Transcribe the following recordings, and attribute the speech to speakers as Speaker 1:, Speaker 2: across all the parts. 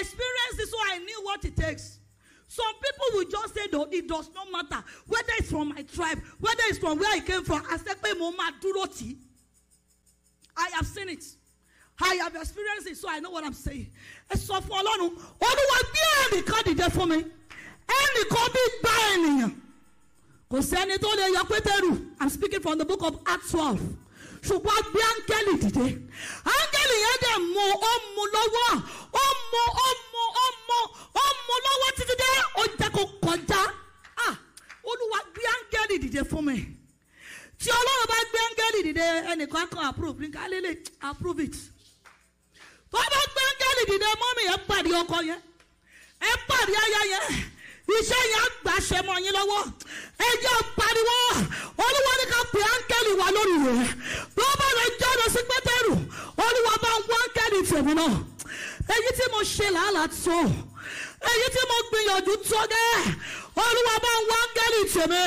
Speaker 1: experience this so I knew what it takes. Some people will just say, no, it does not matter whether it's from my tribe, whether it's from where I came from. I said, pé mo máa I have seen it. I have experienced it, so I know what I'm saying. Ẹ sọ fún Ọlọ́run, Olúwa gbé ẹnìkan dìde fún mi.
Speaker 2: Ẹnìkan bí gbá ènìyàn. Kò sẹ́ni tó lè yọ Pétérù. I'm speaking from the book of Acts 12 ṣùgbọ́n a gbé áńgẹ́lì dìde áńgẹ́lì yẹn dẹ̀ mú ó mú lọ́wọ́ ó mú ó mú ó mú ó mú lọ́wọ́ títí dé ó jẹ́ kó kọjá olúwa gbé áńgẹ́lì dìde fún mi
Speaker 1: tí ọlọ́run bá gbé áńgẹ́lì dìde ẹnìkan kan approve ní ká lélẹ̀ approve it
Speaker 2: tó bá gbé áńgẹ́lì dìde mọ́mì ẹ̀ pàdé ọkọ yẹn ẹ̀ pàdé aya yẹn iṣẹ́ yẹn á gbà ṣe mọ́ yín lọ́wọ́ ẹ jẹ́ pariwo olúwa ní ká pè áńkẹ́lì wà lórí rẹ̀ bí wọ́n bá rẹ̀ jọ́nà sí pétérù olúwa bá ń wá áńkẹ́lì tèmi náà èyí tí mo ṣe làálàá tó èyí tí mo gbìyànjú tó dé olúwa bá ń wá áńkẹ́lì tèmi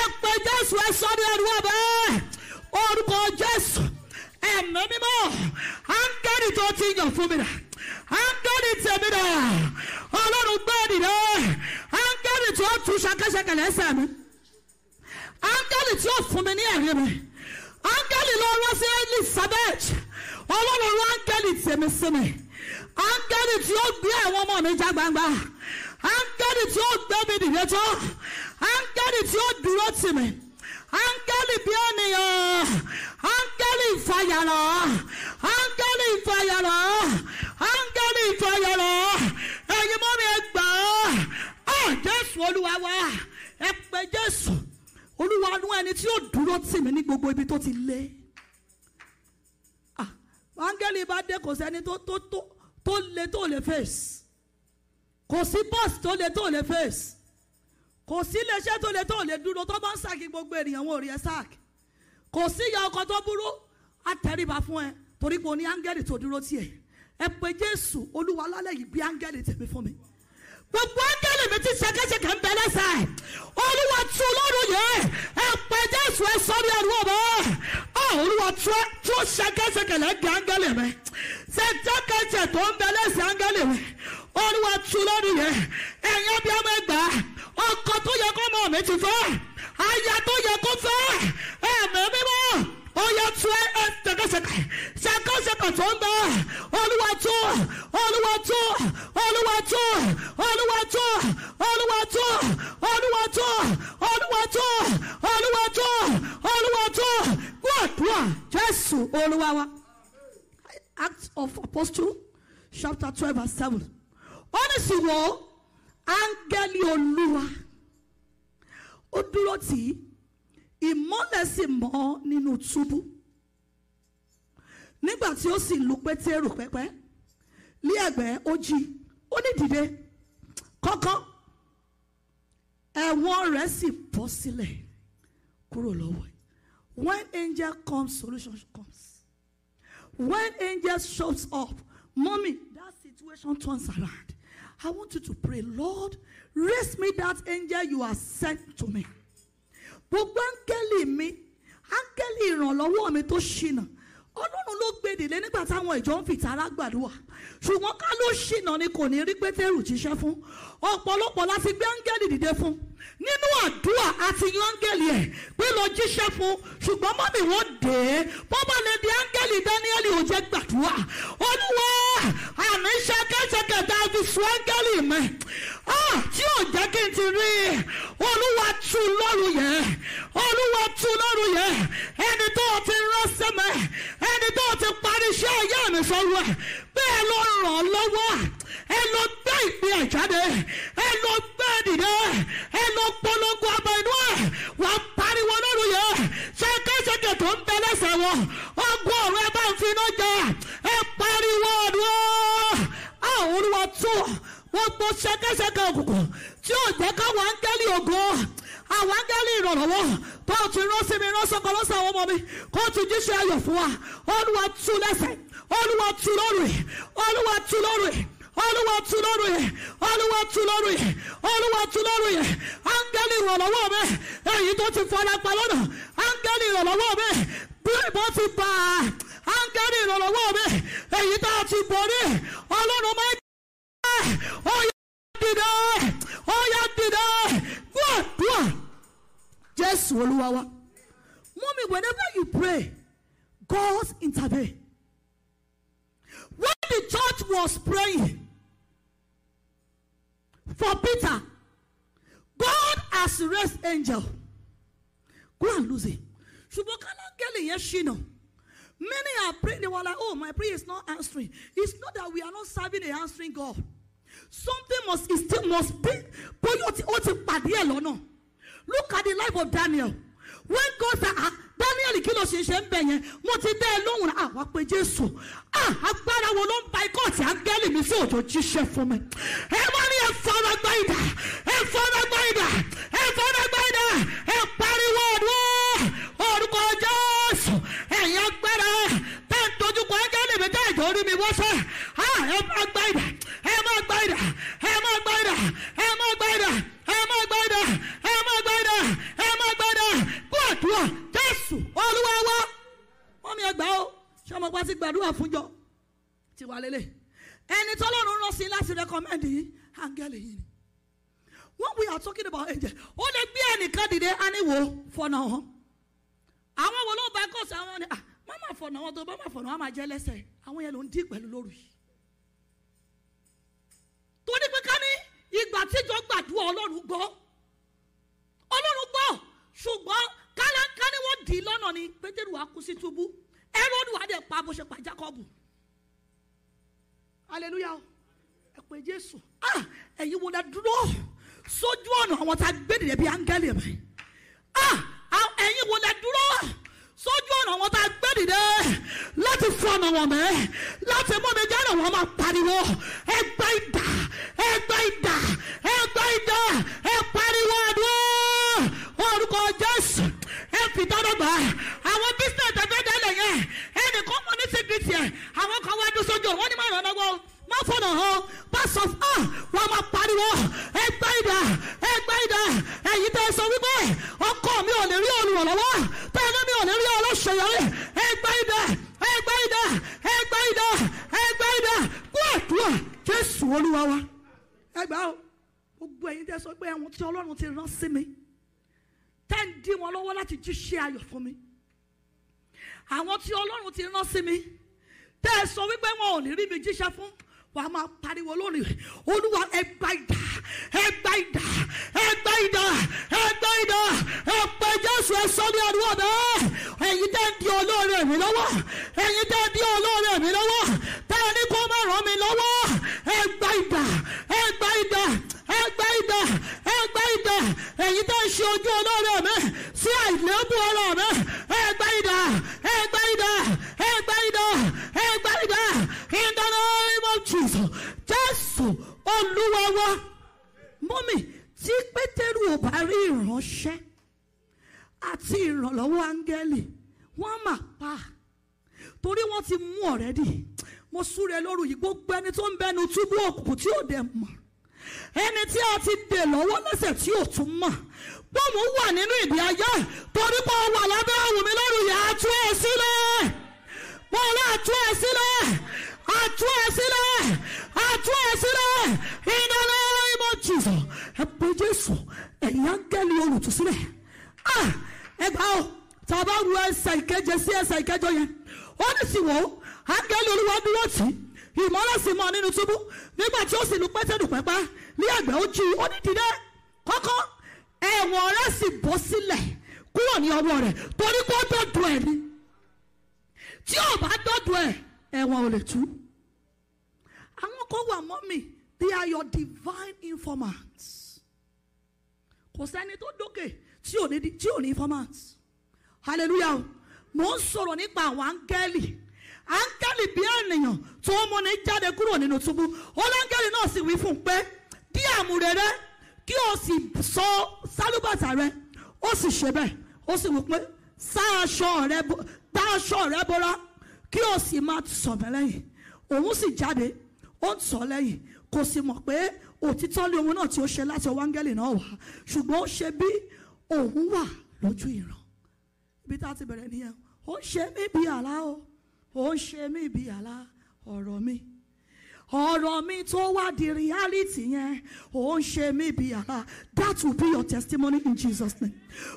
Speaker 2: ẹ pé jésù ẹ sọ ní ẹnu ọbẹ orúkọ jésù ẹ̀mí mímọ́ áńkẹ́lì tó ti yàn fún mi rà. agbẹ́ni tèmi rẹ̀ ọlọ́run gbẹ́ni rẹ̀ agbẹ́ni tí ó tu ṣàkẹ́ṣẹkẹ̀ lẹ́sẹ̀ mi agbẹ́ni tí ó fún mi ní ẹ̀rí sí Elizabeth ọlọ́run ló agbẹ́ni tèmi sí mi agbẹ́ni tí ó gbé àwọn ọmọ mi já gbangba agbẹ́ni tí ó gbé mi nìyẹn tó agbẹ́ni Angeli bí Angeli áńgẹ́lì Angeli áńgẹ́lì Angeli áńgẹ́lì ìfàyàrọ̀ ẹ̀yin mi ẹ gbà ọ́ jésù olúwa wa ẹ pé jésù olúwa nú ẹni tí yóò
Speaker 1: dúró tì mí ní gbogbo ibi tó ti lé ah, áńgẹ́lì bá dé kò sẹ́ni tó tó tó lé tó lè fèsì kò sí bọ́ọ̀sì tó lé tó lè fèsì kò sí iléeṣẹ́ tó lè tó lè dúró tó bá ń sáàkì gbogbo ènìyàn wọn ò rí ẹ sáàkì kò sí ìyá ọkọ tó burú àtẹríba fún ẹ torí pé o ní áńgẹ́lì tó dúró tiẹ̀ ẹ pé jésù olúwa lálẹ́ yìí bí áńgẹ́lì tèmi fún mi gbogbo áńgẹ́lì
Speaker 2: mi ti ṣẹkẹ́ṣẹkẹ́ ń bẹ lẹ́sẹ̀ olúwa tú lọ́rùn yẹn ẹ pé jésù ẹ sọ ní ẹrú ọmọ olúwa tú ṣẹkẹ́ṣẹkẹ́ lẹ́gbẹ̀ẹ́ áńgẹ́lì mi ṣẹkẹ́ṣẹ tó ń bẹ lẹ́sẹ̀ áńgẹ́lì mi olúwa tu lórí yẹn ẹ̀yin ọbẹ̀ ọmọ ẹgbà ọkọ tó yẹ kó mọ̀ mi ti fẹ́ aya tó yẹ kó fẹ́ ẹ̀mí mímọ́ oyè tu ẹ ẹ ṣẹkẹṣẹkẹ ṣẹkẹṣẹkẹ tó ń bẹ olúwa tu olúwa tu olúwa tu olúwa tu olúwa tu olúwa tu olúwa tu olúwa tu olúwa tu gbọdọ jésù olúwa wa Acts
Speaker 1: of Apostle chapter twelve verse seven ó ní ṣùgbọ́n áńgẹ́lì olúwa ó dúró tì í ìmọ́lẹ̀ sì mọ́ nínú túbú nígbà tí ó sì lu pétérù pẹ́pẹ́ lé ẹ̀gbẹ́ ó jí ó ní dìde kọ́kọ́ ẹ̀wọ̀n rẹ̀ sì bọ́ sílẹ̀ kúrò lọ́wọ́ when angel comes solution comes when angel shows up mommy that situation turns around I want you to pray, Lord, raise me that angel you have sent to me. Gbogbo áńgẹ́lì mi, áńgẹ́lì ìrànlọ́wọ́ mi tó ṣìnà. Ọlọ́run ló gbé dìde nígbà táwọn ìjọ ń fìtara gbàdúrà ṣùgbọ́n ká ló ṣìnà ni kò ní rí Pétérù jíṣẹ́ fún ọ̀pọ̀lọpọ̀
Speaker 2: la ti gbé áńgẹ́lì dìde fún nínú àdúrà àti áńgẹ́lì ẹ̀ pé lọ jíṣẹ́ fún ṣùgbọ́n mọ́mì wọ́n dé bọ́bá lè di áńgẹ́lì Dáníẹ́lì ò jẹ́ gbàdúrà olúwa àmì iṣẹ́ kẹ́sẹ̀kẹ̀tà fi sun áńgẹ́lì mẹ́ tí ò jẹ́ kí n ti rí olúwa tú lóru yẹn olúwa tú lóru yẹn ẹni tó o ti ránṣẹ́ mẹ́ ẹni tó o ti parí iṣẹ́ ìyá mi sọ́rọ̀ ẹ̀ bẹ́ẹ̀ ló ràn án lọ́wọ́ ẹ lọ gbé ìpín àjáde ẹ lọ gbé dìde ẹ lọ polongo abọ inú ẹ wàá pariwo lóru yẹ ṣẹkẹṣẹkẹ tó ń bẹ lẹsẹ wọn ọgbọ ọrọ ẹ bá ń finá jẹ ẹ pariwo ọdún àwọn olúwa tó wọn gbọ ṣẹkẹṣẹkẹ òkùnkùn tí ò jẹ káwọn áńgẹ́lì ògo àwọn áńgẹ́lì ìrànlọ́wọ́ tó o ti rán sí mi rán sọ́kọ lọ́sọ̀ àwọn ọmọ mi kó o ti jíṣẹ́ ayọ̀ fún wa olúwa tú lẹ́sẹ̀ olúwa tú lórí olúwa tú lórí. olúwa tú lórí ẹ̀ olúwa tú lórí ẹ̀ olúwa tú lórí ẹ̀ áńgẹ́lì ìrànlọ́wọ́ mi èyí tó ti fara pa lọ́nà áńgẹ́lì ìrànlọ́wọ́ mi bí ti bà á áńgẹ́lì ìrànlọ́wọ́ mi èyí tá a ti borí ọlọ́run máa ń jẹ́ ó yá dìde ó yá dìde gbọ́ gbọ́ jésù olúwa wa
Speaker 1: mummy whenever you pray God intervene. When the church was praying, for Peter. God has raised angel. Go and lose him. Shubokana girl, yes she ṣìnà. Many are praying. They were like, oh, my prayer is not answering. It's not that we are not serving the answering God. Something must still must be.
Speaker 2: Bóyá o ti pàdé ẹ̀ Look at the life of Daniel. When God said, ah, Daniel kí ló ṣe ṣe ń bẹ̀ yẹn mo ti dẹ́ ẹ lóhùn náà àwa pé Jésù ah, agbára wo ló ń ba ikọ̀ tí áńgẹ́lì mi sí òjò jíṣẹ́ fún mi ẹ wá ní ẹ fọwọ́ gbá ìdá ẹ fọwọ́ gbá ìdá ẹ fọwọ́ gbá ìdá ẹ pariwo ọdún orúkọ Jésù ẹ̀yin agbára bẹ́ẹ̀ ń dojúkọ áńgẹ́lì mi dá ìjọ orí mi wọ́sẹ̀ ah, ẹ máa gbá ìdá ẹ máa gbá ìdá ẹ máa gbá ìdá olúwa wa wọ́n mi ẹgbàá o ṣé ọmọ pa ti gbàdúrà fúnjọ
Speaker 1: ti wà lélẹ̀ ẹni tọ́lọ́run rán sí láti rẹ́kọ́mẹ́ndì yìí áńgẹ́lì yìí ni when we are talking about angel ó lè gbé ẹnìkan dìde aníwò fọ̀nà hàn àwọn wo ló bá kó sí àwọn ni ah mama fọ̀nà wọn tó mama fọ̀nà wọn máa jẹ́ lẹ́sẹ̀ àwọn yẹn ló ń dín
Speaker 2: pẹ̀lú lórí torí pé ká ní ìgbà tíjọ gbàdúrà ọlọ́run gbọ́ ọlọ́run gbọ́ ṣùgbọ́n kálá ká ní
Speaker 1: wọ́n dì í lọ́nà ni pétérù wa kú sí túbú ẹrọ́dù wa dẹ̀ pa bó ṣe pa jákọ́bù hallelujah ẹ pé jésù ah ẹ̀yin wo la dúró sójú ọ̀nà àwọn tá a gbé dìde bíi áńgẹ́lì rẹ̀ ah ẹ̀yin wo la
Speaker 2: dúró sójú ọ̀nà àwọn tá a gbé dìde láti fún ọ̀nà wọn mẹ́ láti mú mi jẹ́rìí wọn máa pariwo ẹ gbá idà ẹ gbá idà ẹ gbá idà ẹ pariwo àdúrà orúkọ jésù ẹ̀pì tọ́dọ̀gbà àwọn business ẹ̀fẹ́ dẹ́lẹ̀ yẹn ẹnì kan mọ ní secret yẹn àwọn kan wá dún sójú wọn ni máa ràn lọ́wọ́ má fọ̀nà hàn pásọ̀ fún wọn máa pariwo ẹgbà ìdá ẹgbà ìdá èyí tẹ́ sọ wípé ọkọ mi ò lè rí olùrànlọ́wọ́ tẹ́lẹ̀ mi ò lè rí ọlọ́ṣọ̀yọrí ẹgbà ìdá ẹgbà ìdá ẹgbà ìdá ẹgbà ìdá kú àdúrà Jésù Olúwa wa ẹgbà ó gbogbo
Speaker 1: ẹ̀yin tẹ́ sọ pé àwọn tí Ọlọ́run ti rán sí mi tẹ́ ń dí wọn lọ́wọ́ láti jíṣẹ́ ayọ̀ fún mi àwọn tí ọlọ́run ti rán sí mi tẹ́ ẹ sọ wípé wọn
Speaker 2: ò ní rí mi jíṣẹ́ fún wàá máa pariwo lónìí olúwa ẹgbà ìdá ẹgbà ìdá ẹgbà ìdá ẹgbà ìdá ẹgbà jésù ẹsọ ní ọdún ọdọ ẹ̀yin tẹ́ ń di olóore mi lọ́wọ́ ẹ̀yin tẹ́ ń di olóore mi lọ́wọ́ tẹ́ ẹ ní kó má ràn mí lọ́wọ́ ẹgbà ìdá ẹgbà ìdá ẹgbà ìdá ẹ̀yin tó ń ṣe ojú olóore mi sí àìlébù ọ̀rọ̀ mi ẹ gbá idà ẹ gbá idà ẹ gbá idà ẹ gbá idà in the name of Jesus Jésù Olúwa wa mọ́mì
Speaker 1: tí Pétérù ò bá rí ìránṣẹ́ àti ìrànlọ́wọ́ áńgẹ́lì wọ́n mà pa torí wọ́n ti mú ọ̀rẹ́dì mo
Speaker 2: súre lóru yìí gbogbo ẹni tó ń bẹnu túbú òkùnkùn tí ò dẹ̀ mọ̀ ẹni tí a ti dè lọ́wọ́ lẹ́sẹ̀ tí ò tún mọ̀ pọ́ùmù wà nínú ìdí ayé torí pé ó wà lábẹ́ ohùn mi lórí yà á tú ẹ sílẹ̀ pọ́ùlù á tú ẹ sílẹ̀ á tú ẹ sílẹ̀ á tú ẹ sílẹ̀ ìdálẹ́ ìmọ̀ jùlọ ẹ pé Jésù ẹ̀yìn áńgẹ́lì olùtúsílẹ̀ ẹ gbà ó tàbá ru ẹsẹ̀ ìkeje sí ẹsẹ̀ ìkẹjọ yẹn ó ní sì wò ó Olúwa dúró tì í ìmọ́lẹ̀ sì mọ́ nínú túbú nígbà tí ó sì lu pétérù pẹ́pá ní àgbà ojú onídìídé kọ́kọ́ ẹ̀wọ̀n rẹ̀ sì bọ́ sílẹ̀ kúrò ní ọwọ́ rẹ̀ torí kó dọ̀dọ̀ ẹ̀ ni tí ò bá dọ̀dọ̀ ẹ̀ ẹ̀wọ̀n ò lè tú.
Speaker 1: àwọn kan wà mọ́ mi they are your divine informants kò sẹ́ni tó dókè tí ò ní informant hallelujah mo ń sọ̀rọ̀ nípa àwọn áńgẹ́lì áńgẹ́lì bí ènìyàn tó mú ni jáde kúrò nínú túbú ọlọ́ngẹ́lì náà sì wí fún un pé dí àmùrè rẹ kí o sì so sálúbàtà rẹ ó sì ṣe bẹ́ẹ̀ ó sì wí pé sá aṣọ rẹ gbá aṣọ rẹ bora kí o sì máa sọ̀bẹ̀ lẹ́yìn òun sì jáde ó ń sọ lẹ́yìn kò sì mọ̀ pé òtítọ́ lé ohun náà tí ó ṣe láti ọwọ́ áńgẹ́lì náà wá ṣùgbọ́n ó ṣe bí òun wà lójú ìran ibi tá a ti bẹ̀rẹ̀ nìyẹn ó ṣe mí bí àlá o. ó ń ṣe mí bí àlá ọ̀rọ̀ mi ọ̀rọ̀ mi tó wá di reality yẹn ó ń ṣe mí bí àlá that will be your testimony in Jesus name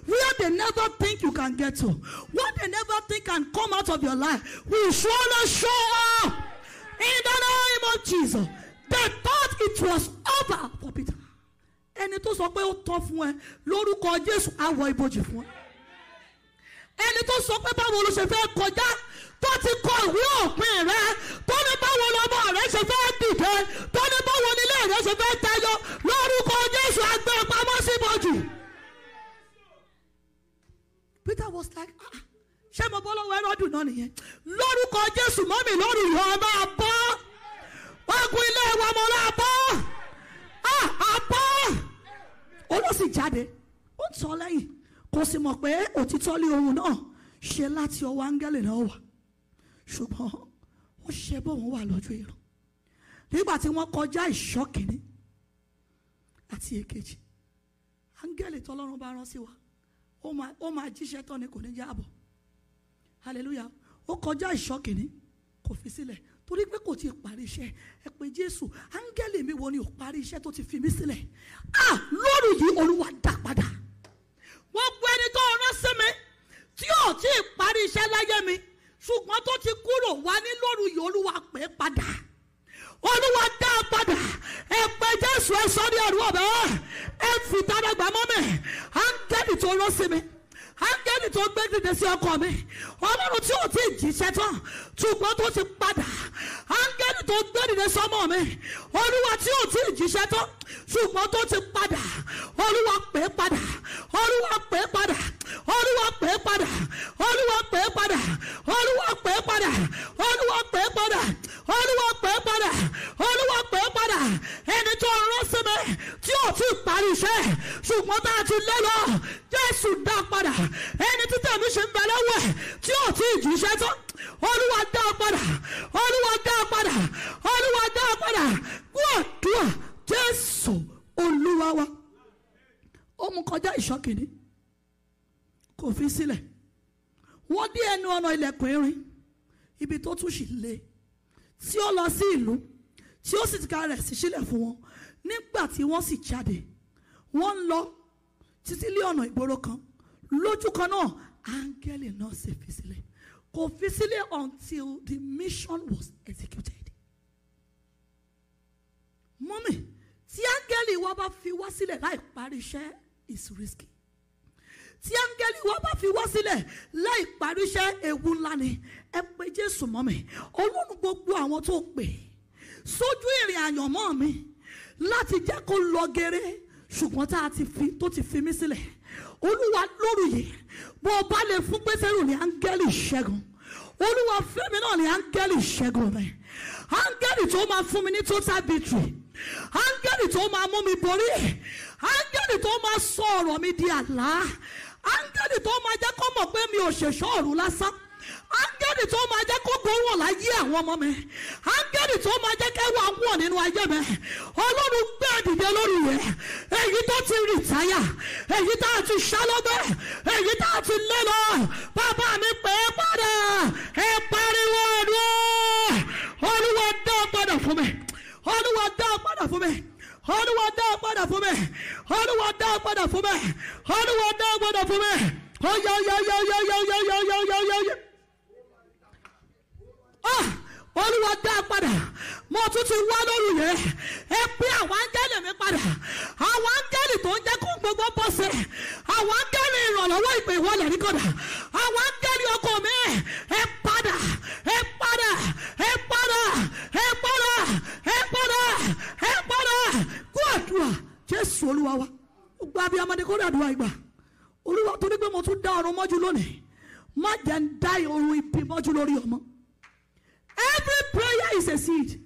Speaker 1: where they never think you can get to
Speaker 2: what they never think can come out of your life will surely show up in the name of Jesus they thought it was over for Peter ẹni tó sọ pé ó tọ́ fún ẹ lórúkọ Jésù á wọ ibojì fún ẹ ẹni tó sọ pé báwo ló ṣe fẹ́ kọjá tó ti kọ ìwé òpin rẹ tó ní báwo lọmọ rẹ ṣe fẹ́ dìde tó ní báwo nílé rẹ ṣe fẹ́ tayọ lórúkọ Jésù agbẹ́ e pamọ́ sí bọ́jú. Peter was like ah, ah ṣé mo bọ́ lọ́wọ́ ẹrọ́dùn náà nìyẹn lórúkọ Jésù mọ́mì lórí ìwọ ọmọ àbọ̀ ogun ilé ìwọ ọmọ ọlọ́ àbọ̀ àbọ̀
Speaker 1: olóòsì jáde ó ń tọ́ lẹ́yìn kò sì mọ̀ pé òtítọ́ lé ohun náà ṣe láti ọwọ́ áńgẹ́lì náà wà ṣùgbọ́n wọ́n ṣe bóun wà lójú ìran nígbà tí wọ́n kọjá ìṣọ́ kìíní àti èkejì áńgẹ́lì tọ́lọ́run bá rán sí wa ó máa jíṣẹ́ tán ni kò ní jáàbọ̀ hallelujah ó kọjá ìṣọ́ kìíní kò fi sílẹ̀ torí pé kò ti parí iṣẹ́ ẹ pé jésù áńgẹ́lì mi wo ni ò parí iṣẹ́ tó ti fi mí sílẹ̀ à ah,
Speaker 2: lórí yìí olúwa dá padà gbogbo ẹni tó rán sí mi tí ò tí ì parí iṣẹ́ láyé mi ṣùgbọ́n tó ti kúrò wá ní lóru yìí olúwa pè é padà olúwa dá a padà ẹ pé jésù ẹ sọ ní ọ̀rọ̀ ọ̀bẹ ẹ fi tàdàgbà mọ́ mi áńgẹ́lì tó rọ́ sí mi áńgẹ́lì tó gbé dìde sí ọkọ mi ọlọ́run tí ò tí ì jíṣẹ́ tán ṣùgbọ́n tó ti padà áńgẹ́lì tó gbé dìde sọ́mọ mi olúwa tí ò tí ì jíṣẹ́ tán ṣùgbọ́n tó ti padà olúwa pè padà olúwa pè padà olúwa pè é padà olúwa pè é padà olúwa pè é padà olúwa pè é padà olúwa pè é padà olúwa pè é padà ẹni tó rán sí tí ò tí parí iṣẹ́ ṣùgbọ́n tá a ti lé lọ jésù dá padà ẹni tí tẹ̀mí ṣe ń bẹ lọ́wọ́ tí ò tí ì jíṣẹ́ tán olúwa dá padà olúwa dá padà olúwa dá padà gbọ́dọ̀ jésù olúwa wa
Speaker 1: ó mú kọjá ìṣọ́kìnrin kò fi sílẹ̀ wọ́n dé ẹnu ọ̀nà ilẹ̀kùn irin ibi tó tún sì le tí ó lọ sí ìlú tí ó sì ti ka rẹ̀ sí sílẹ̀ fún wọn nígbà tí wọ́n sì jáde wọ́n ń lọ títí lé ọ̀nà ìgboro kan lójú kan náà áńgẹ́lì náà sì fi sílẹ̀ kò fi sílẹ̀ until the mission was executed. mọ́mì tí áńgẹ́lì wa bá fi wá sílẹ̀ láì parí iṣẹ́ is risky tí áńgẹ́lì wọn bá fi wọ́ sílẹ̀ láì parí iṣẹ́ ewu ńlá ni ẹ pé Jésù mọ́ mi Ọlọ́run gbogbo àwọn tó pè sójú ìrìn àyànmọ́ mi láti jẹ́ kó lọ gere ṣùgbọ́n tá a ti fi tó ti fi mí sílẹ̀ Olúwa lóru yìí bó o bá lè fún
Speaker 2: Pétérù ní áńgẹ́lì ìṣẹ́gun Olúwa fẹ́mi náà ní áńgẹ́lì ìṣẹ́gun rẹ̀ áńgẹ́lì tó máa fún mi ní total victory áńgẹ́lì tó máa mú mi borí áńgẹ́lì tó máa sọ ọ̀rọ̀ mi di àlá áńgẹ́lì tó máa jẹ́ kó mọ̀ pé mi ò ṣèṣọ́ ọ̀run lásán áńgẹ́lì tó máa jẹ́ kó gbowó láyé àwọn ọmọ mi áńgẹ́lì tó máa jẹ́ kẹ́wọ́ àwọn nínú ayé mi ọlọ́run gbé ẹ̀dìdẹ lórí rẹ̀ èyí tó ti rìtáyà èyí tá a ti ṣá lọ́gbẹ́ èyí tá a ti lé lọ bàbá mi pè é padà ẹ pariwo ẹ̀dùn olúwa dá padà fún mi olúwa dá padà fún mi olúwa dá padà fún mi olúwa dá padà fún mi olúwa dá padà fún mi ó yá yá yá yá yá yá yá yá yá yá. ah olúwa dá padà mo tún ti wá lóru yẹn ẹ pé àwọn áńgẹ́lì mi padà àwọn áńgẹ́lì tó ń jẹ́ kó gbogbo bọ́ sí àwọn áńgẹ́lì ìrànlọ́wọ́ ìpè ìwọlẹ̀ ní kọ́dà àwọn áńgẹ́lì ọkọ mi ẹ padà ẹ padà ẹ padà ẹ padà ẹ padà ẹ padà kó àdúrà jésù olúwa wa gbogbo abiyamọdé kó dàdúrà ìgbà olúwa torí pé mo tún dá ọrùn mọ́jú lónìí
Speaker 1: má jẹ́ ń dá ìrùn ìbí mọ́jú lórí ọmọ. Every prayer is a seed.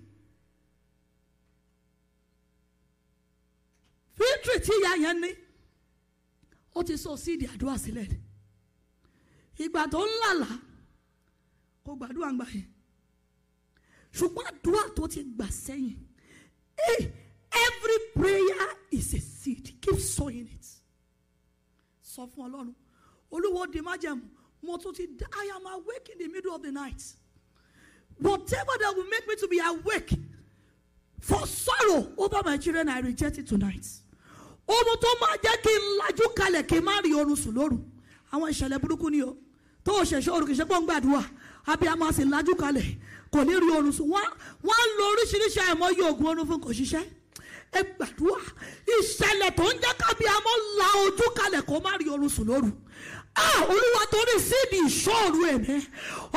Speaker 1: Fíntìrì tí ìyá yẹn ní, ó ti sọ síìdì àdúrà sílẹ̀. Ìgbà tó ń lálàá, kò gbàdúrà gbà yẹn. Ṣùgbọ́n àdúrà tó ti gbà sẹ́yìn. Eh, every prayer is a seed. Keep sowing it. Sọ fún Ọlọ́run, Olúwo di májẹ̀mú, mo tún ti I am awake in the middle of the night. Whatever that will make me to be awake for sorrow over my children, I reject it tonight. Ohun tó máa jẹ́ kí n lajú kalẹ̀ kí n má rí oorun sùn lóru. Àwọn ìṣẹ̀lẹ̀ burúkú ni o. Tó o ṣẹ̀ṣẹ̀ orun kì í ṣe pọ̀ ń gbàdúrà. Abiyamọ sì lajú kalẹ̀ kò ní rí oorun sùn. Wọ́n ń lo oríṣiríṣi àìmọye oògùn oorun fún kò ṣiṣẹ́. Ẹ gbàdúrà. Ìṣẹ̀lẹ̀ tó
Speaker 2: ń jẹ́ kábíyamọ la ojú kalẹ̀ kó má rí oorun sùn lóru. Ah, olúwa torí síbi ìṣòro ẹ̀mí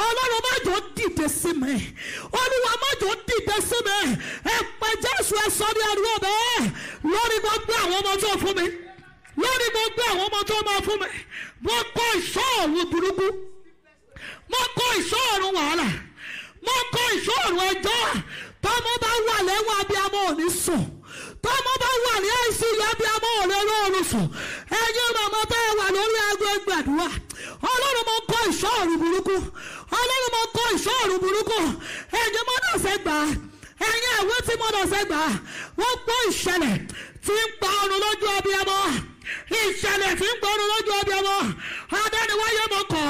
Speaker 2: ọlọ́run má jọ dìde sí mi olúwa má jọ dìde sí mi ẹ pé jésù ẹ sọ ní ẹrú ọbẹ̀ lórí gbogbo àwọn ọmọ tó fún mi lórí gbogbo àwọn ọmọ tó máa fún mi mo kọ ìṣòro burúkú mo kọ ìṣòro wàhálà mo kọ ìṣòro ẹjọ́ tọ́mọ bá wà lẹ́wọ̀n abiyamọ ò ní sùn tọ́mọ bá wà ní àìsàn ìyá bí amọ́ ọ̀rẹ́ ọlọ́run sùn ẹ̀yin màmá bẹ́ẹ̀ wà lórí aago gbàdúrà ọlọ́run mo kọ́ ìṣọ́ ọ̀rùn burúkú ọlọ́run mo kọ́ ìṣọ́ ọ̀rùn burúkú ẹ̀yin mọ́dọ̀ ṣe gbà ẹ̀yin àwọ̀ tí mọ́dọ̀ ṣe gbà wọ́n gbọ́ ìṣẹ̀lẹ̀ tí ń pa ọrùn lójú ọbẹ̀ ọmọ ìṣẹ̀lẹ̀ tí ń pa ọrùn lójú ọbẹ̀ ọmọ adániwáyé mo kọ̀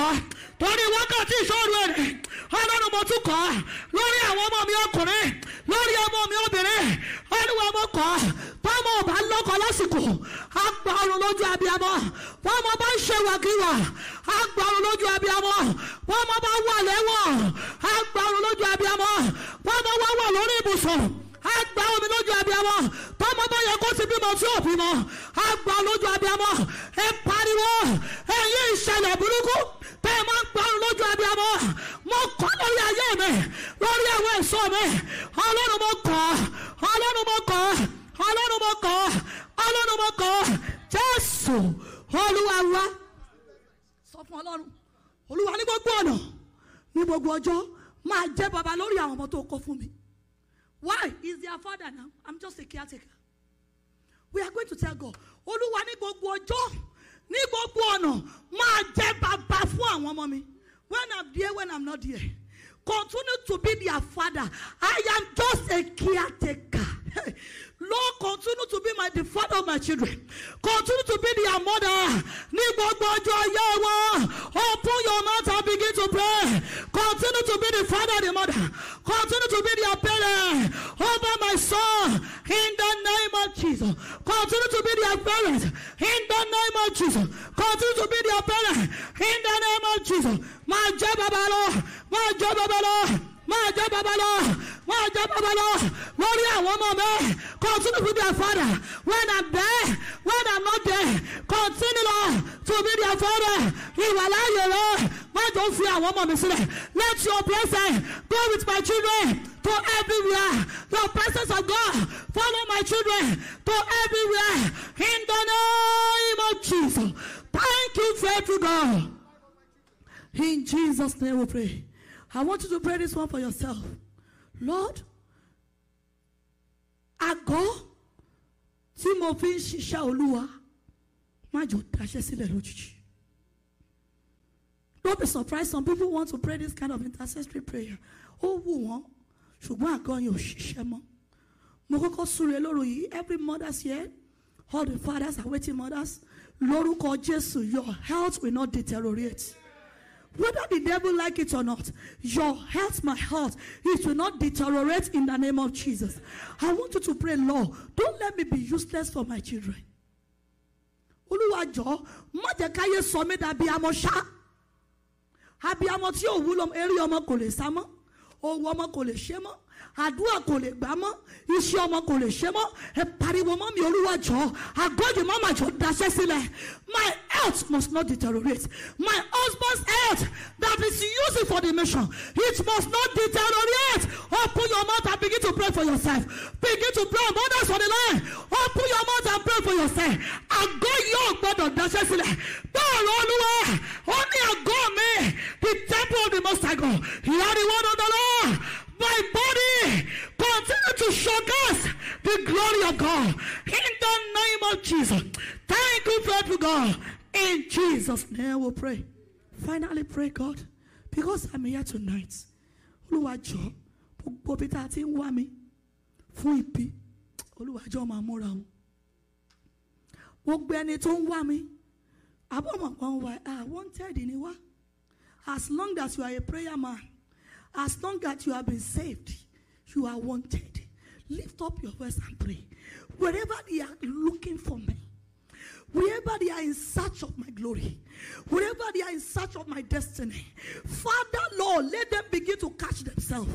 Speaker 2: torí wákàtí ìṣọ́ ọ̀rùn ẹ̀rẹ̀ ọlọ́run mo tún kọ́ lórí àwọn ọmọ mi ọkùnrin lórí ọmọ mi obìnrin olúwa mo kọ́ bọ́mọ ò bá lọ́kọ lásìkò àgbà ọ̀run lójú abiyamọ bọ́mọ bá ń ṣe wàkíwà àgbà ọ̀run lójú abiyamọ bọ́mọ bá wà lẹ́wọ̀n àgbà ọ̀run lójú abiyamọ bọ́mọ wá wà lórí ibùsùn àgbà omi lójú abiyamọ bọ́mọ bá yẹ kó ti bímọ tí ò bímọ àgbà lójú abiyamọ ẹ pariwo ẹ̀yin ìṣẹ̀lẹ̀ burúkú tẹ́ ẹ máa ń pẹ́ ọ̀run lójú abiyamọ mo kọ́ lórí ayé mi lórí àwọn èso mi ọlọ́run mo kọ́ ọlọ́run mo kọ́ ọlọ́run mo kọ́ ọlọ́run mo kọ́ jésù olúwa wa
Speaker 1: sọ fún ọlọ́run olúwa ní gbogbo ọ̀nà ní gbogbo ọjọ́ máa jẹ́ baba lórí àwọn ọmọ tó kọ fún mi why is their father now i'm just a caretaker we are going to tell god olúwa ní gbogbo ọjọ́ ní gbogbo ọ̀nà máa jẹ́ bàbá fún àwọn ọmọ mi when I'm there when I'm not there continue to be their father I am
Speaker 2: just a caretaker. Lord, continue to be my the father of my children. Continue to be their mother. Ní gbogbo ọjọ́ open your mouth and begin to pray. Continue to be the father and the mother. Continue to be their parent over my son in the name of Jesus. Continue to be their parent in the name of Jesus. Continue to be their parent in the name of Jesus. My jẹ́ bàbá lọ, máa jẹ́ máa jẹ́ bàbá lọ máa jẹ́ bàbá lọ lórí àwọn ọmọ mi continue to be a father when I'm there when I'm not there continue Lord to be their father ìwà láàyè rẹ má jọ fi àwọn ọmọ mi sílẹ̀ let your blessing go with my children to everywhere the presence of God follow my children to everywhere in the name of Jesus thank you faithful God
Speaker 1: in Jesus name we pray. I want you to pray this one for yourself. Lord, I go mo fi ń lójijì. Don't be surprised some people want to pray this kind of intercessory prayer. Oh, wù wọ́n ṣùgbọ́n àgọ́ yẹn ò ṣiṣẹ́ mọ́. Mo kọ́kọ́ súre lóru yìí every mother's here. all the fathers are waiting mothers lórúkọ Jésù your health will not deteriorate. Whether the devil like it or not, your health, my heart, it will not deteriorate in the name of Jesus. I want you to pray, Lord, don't let me be useless for my children. olúwàjọ mọ̀jẹ̀káyé sọ mí dàbí amọ̀ ṣá abiyamọ tí òwú eré ọmọ kò lè sá mọ́ òwú ọmọ kò àdúrà
Speaker 2: kò lè gbà mọ́ iṣẹ́ ọmọ kò lè ṣe mọ́ ẹ pariwo mọ́ mi olúwa jọ̀ọ́ àgọ́jù mọ́ màjọ daṣẹ́ sílẹ̀ my health must not deteriorate my husband's health that is using for the mission it must not deteriorate open your mouth and begin to pray for yourself begin to pray mothers for the line open your mouth and pray for yourself àgọ́ yóò gbọ́dọ̀ daṣẹ́ sílẹ̀ bọ́ọ̀lù olúwa ó ní àgọ́ mi the temple of the most high God ìyá ni wọ́n dọ́dọ́ lọ́wọ́ my body continue to show us the glory of God in the name of Jesus.
Speaker 1: Thank you, faithful God. In Jesus' name we pray. Finally, pray, God, because I'm here tonight. Oluwajo, jọ̀ọ́ gbogbo bí tá a ti ń wá mi fún ìbí Olúwa jọ̀ọ́ máa múra Gbogbo ẹni tó ń wá mi àbọ̀mọ̀pọ̀ ń wá I ah, wanted ni wá. As long as you are a prayer man as long as you have been saved, you are wanted. Lift up your voice and pray. Wherever they are looking for me, wherever they are in search of my glory, wherever they are in search of my destiny, Father Lord, let them begin to catch themselves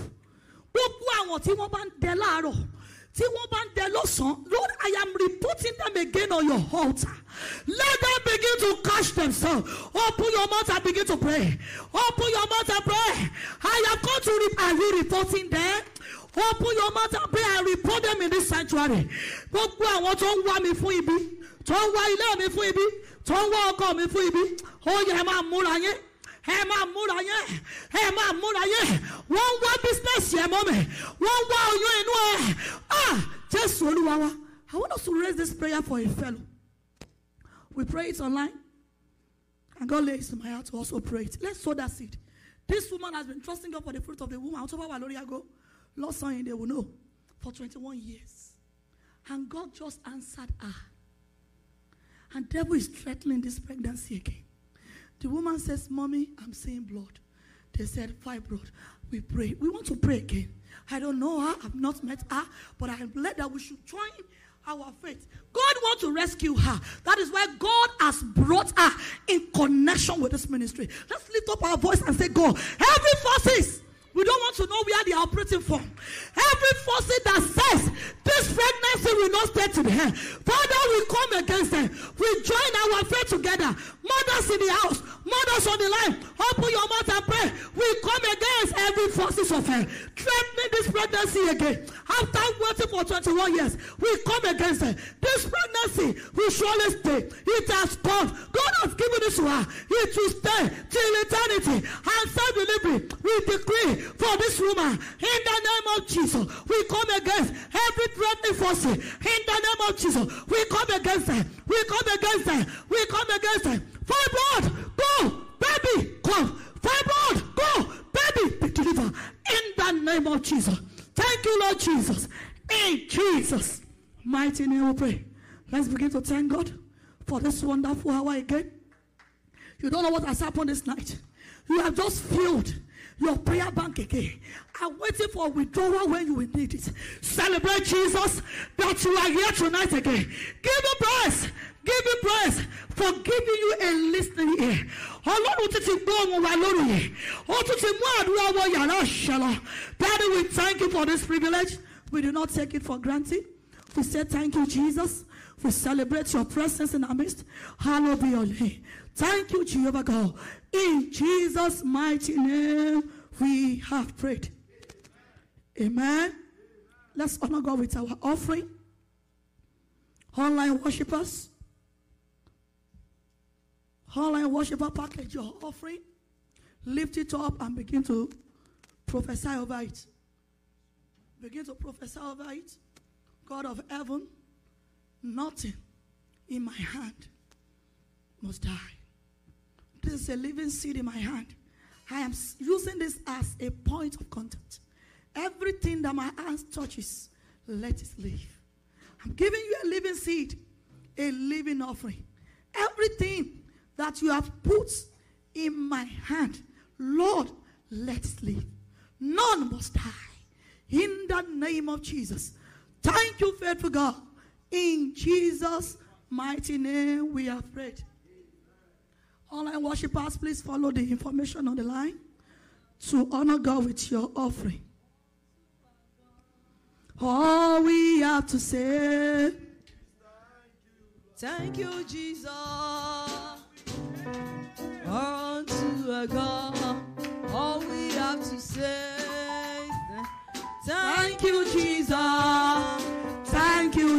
Speaker 2: tí wọ́n bá ń dẹ lọ́sàn-án Lord I am reporting them again on your altar let them begin to catch themselves open your mouth and begin to pray open your mouth and pray I am going to re are you reporting them open your mouth and pray and report them in this sanctuary gbogbo àwọn tó ń wá mi fún ibi tó ń wá ilé mi fún ibi tó ń wá ọkọ mi fún ibi ó yẹ máa múra yẹn. Hey máa mother yeah. Hey máa mother yeah. One ń wá bísínẹ́sì mommy. One mi you ń eh. ah just olúwa wa I want us to raise this prayer for a fellow
Speaker 1: we pray it online and God lays in my heart to also pray it let's sow that seed this woman has been trusting God for the fruit of the womb I'll tell you lórí ago lọ́sàn-án yìí they will know for twenty-one years and God just answered her and devil is threatening this pregnancy again the woman says, Mommy, I'm seeing blood. They said, "Fibroid." blood? We pray. We want to pray again. I don't know her. I've not met her. But I'm glad that we should join our faith. God wants to rescue her. That is why God has brought her in connection with this ministry. Let's lift up
Speaker 2: our voice and say, God, every forces we don't want to know where they are operating from. Every force that says this pregnancy will not stay to the end, Father, we come against them. We join our faith together. Mothers in the house, mothers on the line, open your mouth and pray. We come against every forces of hell, threatening this pregnancy again. After waiting for 21 years, we come against them. This pregnancy will surely stay. It has come. God has given it to her. It will stay till eternity. And self delivery, we decree for this woman in the name of Jesus. We come against every threatening force in the name of Jesus. We come against them. We come against them. We come against them. blood, go, baby, come. blood, go, baby, be delivered in the name of Jesus. Thank you,
Speaker 1: Lord Jesus. In Jesus' mighty name, we pray. Let's begin to thank God for this wonderful hour again. You don't know what has happened this night.
Speaker 2: You have just filled your prayer bank again. I'm waiting for withdrawal when you will need it. Celebrate Jesus that you are here tonight again. Give him praise. Give him praise for giving you a listening ear. Ọlọ́run ti ti gbọ́ ohun wa lórí yìí. Ó tún ti mú àdúrà wọ yàrá ìṣẹ̀lọ. Daddy, we thank you for this privilege.
Speaker 1: We do not take it for granted. We say thank you, Jesus. We celebrate your presence in our midst. Hallowed be your name. Thank you, Jehovah God. In Jesus' mighty name, we have prayed. Amen. Let's honor God with our offering. Online worshippers. Online worshiper, package your offering. Lift it up and begin to prophesy over it. Begin to prophesy over it. God of heaven nothing in my hand must die. This is a living seed in my hand. I am using this as a point of contact. Everything that my hand touches, let it live. I'm giving you a living seed, a living offering. Everything that you have put in my hand, Lord, let it live. None must die. In the name of Jesus. Thank you, faithful God. In Jesus' mighty name, we are prayed. Online worshipers, please follow the information on the line to honor God with your offering. All we have to say Thank you, Jesus. Unto God, all we have to say. Thank you, Jesus.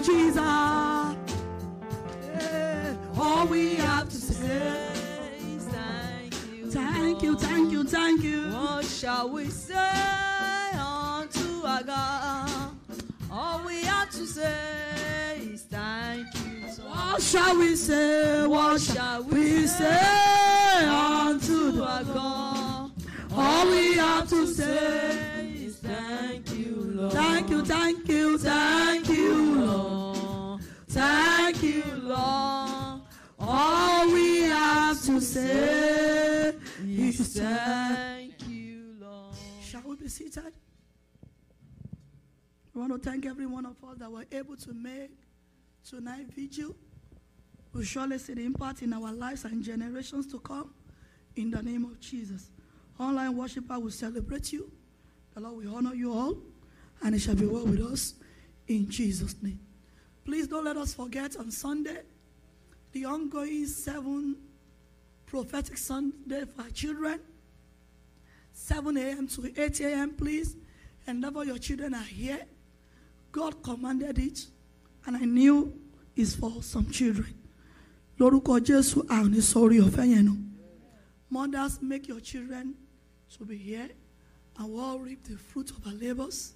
Speaker 1: Jesus. All we have to say is thank you. Thank you, thank you, thank you. What shall we say unto our God? All we have to say is thank you. what shall we say? What shall we say unto our God? All we have to say is thank you, Lord. Thank you, thank you, thank you. Thank you, Lord. All we have to say is thank you, Lord. Shall we be seated? We want to thank every one of us that were able to make tonight vigil. We surely see the impact in our lives and generations to come in the name of Jesus. Online worshiper will celebrate you. The Lord will honor you all, and it shall be well with us in Jesus' name. Please don't let us forget on Sunday, the ongoing seven prophetic Sunday for our children. 7 a.m. to 8 a.m., please. Endeavor your children are here. God commanded it, and I knew it's for some children. mothers make your children to be here and we will reap the fruit of our labours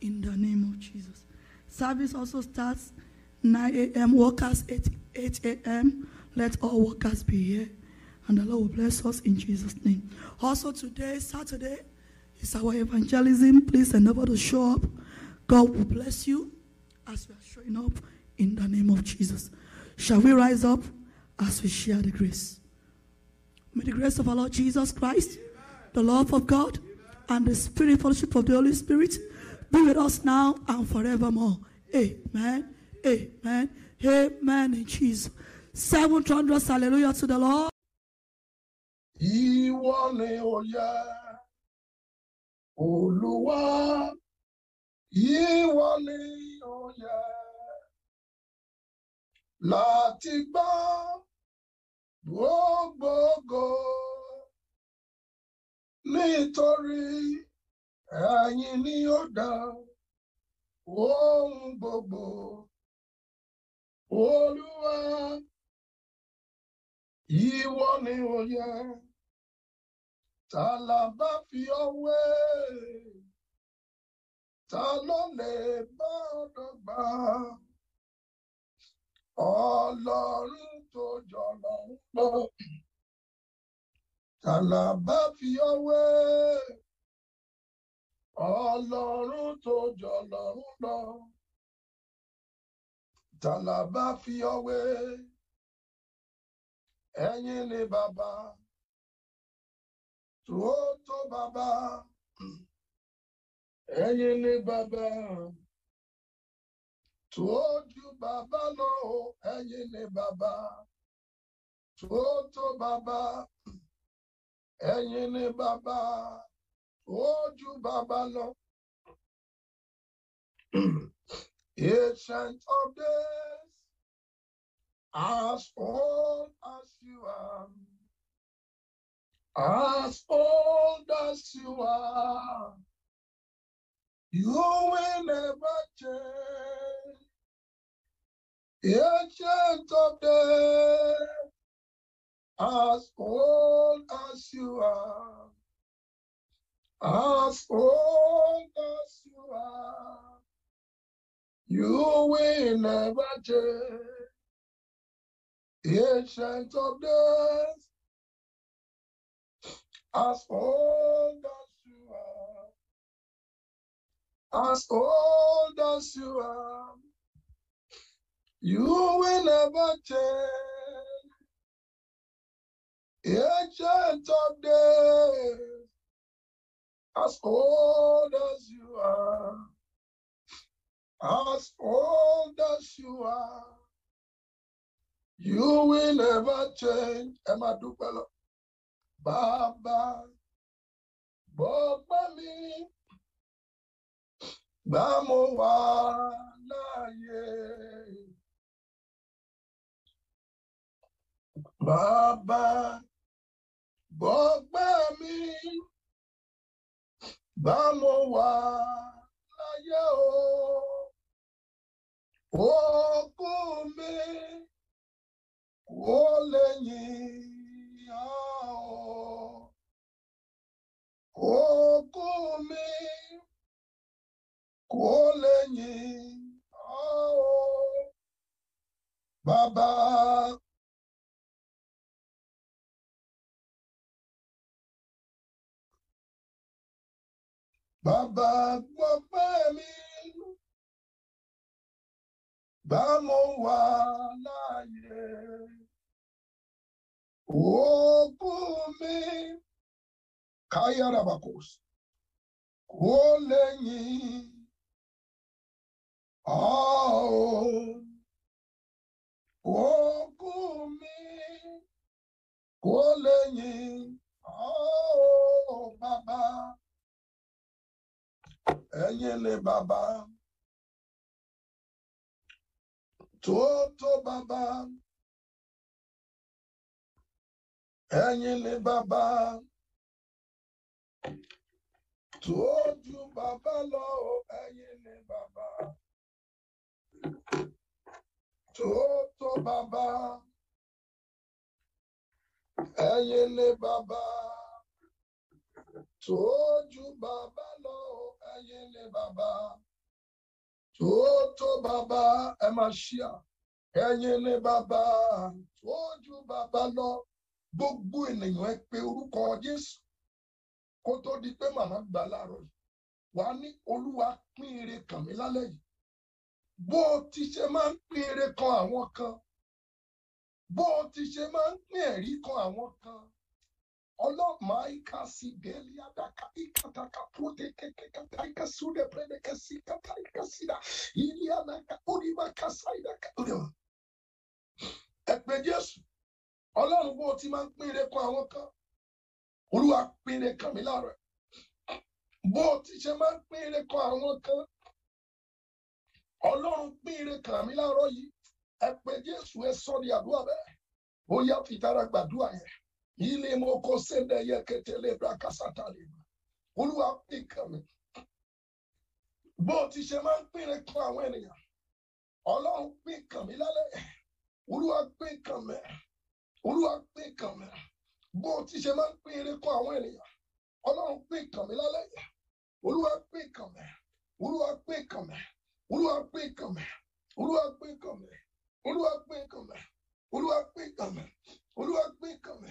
Speaker 1: in the name of jesus. Service also starts 9 a.m. Workers 8, 8 a.m. Let all workers be here. And the Lord will bless us in Jesus' name. Also today, Saturday, is our evangelism. Please endeavor to show up. God will bless you as we are showing up in the name of Jesus. Shall we rise up as we share the grace? May the grace of our Lord Jesus Christ, the love of God, and the spirit fellowship of the Holy Spirit be with us now and forevermore. Amen. Amen. Amen in Jesus. 700 hallelujah to the Lord. Ìwọ ni
Speaker 3: òye Olúwa.
Speaker 4: Ìwọ ni òye láti gbọ́ gbogbogbò nítorí ẹ̀yin ni ó dáa. ohun gbogbo olúwa ìwọ ni ó yẹ
Speaker 3: fi ọ́ wé ta ló lè bá ọ dọ́gba ọlọ́run tó jọlọ ń pọ̀ ta fi ọ́ ọlọ́run tó jọ lọ́run lọ tàlàbà fi ọwé
Speaker 4: ẹ̀yin ni bàbá
Speaker 3: tó tó bàbá ẹ̀yin ni bàbá tó ju bàbá lọ ẹ̀yin ni bàbá tó tó bàbá ẹ̀yin ni bàbá. ó you, bàbá lọ. Ancient of days, as old as you are, as old as you are, you will never change. Ancient of days, as old as you are. As old as you are,
Speaker 4: you will never change. Ancient of days,
Speaker 3: as old as you are, as old as you are, you will never change. Ancient of days
Speaker 4: as old as you are,
Speaker 3: as old as you are, you will never change. Emma Dupelo. Baba, Baba mi, Bamo
Speaker 4: wa na ye. Baba, Baba me. bá mo wà láyé o òkú mi kò lè yìn o òkú o bàbá. Bàbá gbọ́ pẹ́ mi, bá mo wà láàyè, òkú mi, káyára bàkóso, kó lẹ́yìn, ọ̀ọ́ òkú
Speaker 3: mi, kó lẹ́yìn, ọ̀ọ́ bàbá ẹ̀yin ni bàbá
Speaker 4: tó tó bàbá ẹ̀yin ni bàbá
Speaker 3: tó ju bàbá lọ ẹ̀yin ni bàbá tó tó bàbá ni bàbá tó ju bàbá lọ. ayele bàbá tó tó bàbá ẹ máa ṣíà ẹ̀yin ni bàbá tó bàbá lọ gbogbo ènìyàn ẹ pe orúkọ Jésù kó tó di pé màmá gbà láàárọ̀ yìí wà ní Olúwa pín ire kàn mí lálẹ́ yìí bó o ti ṣe máa ń pín ire kan àwọn kan bó o ti ṣe máa ń ọlọ́mà ìka sí bẹ́ẹ̀lì àdàkà ìkàtàkà pọ́tẹ kẹkẹkàtà ìka súnẹ pẹ́ẹ́dẹ́kẹ sí kàtà ìka sídà ìlí ka onímọ̀ kásá ìdàkà onímọ̀. ka pé jésù ọlọ́run bó ti máa ń pínre kan àwọn kan olúwa pínre kan mi lára bó ti ṣe máa ń pínre kan àwọn kan ọlọ́run pínre kan mi lára yìí ẹ pé jésù ẹ sọ ní àdúrà bẹ́ẹ̀ ó yá ilé mọ́kọ́ sẹ́dẹ̀ yẹ kẹtẹ́lẹ́ bá kásátà lè mọ̀ olúwa pìkà mi bó o ti ṣe máa ń pínrẹ kan àwọn ènìyàn ọlọ́run pìkà mi lálẹ́ olúwa pìkà mi olúwa pìkà mi bó o ti ṣe máa ń pínrẹ kan àwọn ènìyàn ọlọ́run pìkà mi lálẹ́ olúwa pìkà mi olúwa pìkà mi olúwa pìkà mi olúwa pìkà mi olúwa pìkà mi olúwa pìkà mi olúwa pìkà mi.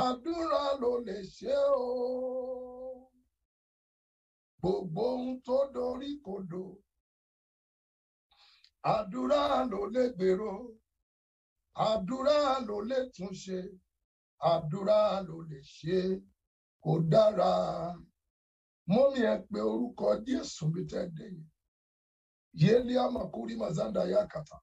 Speaker 3: àdúrà ló lè ṣe o gbogbo ohun tó dorí kodo àdúrà ló lè gbèrò àdúrà ló lè túnṣe àdúrà ló lè ṣe kò dára mọ́mí ẹ pé orúkọ Jésù bí tẹ́ dé yìí yéli amakuri mazanda yakata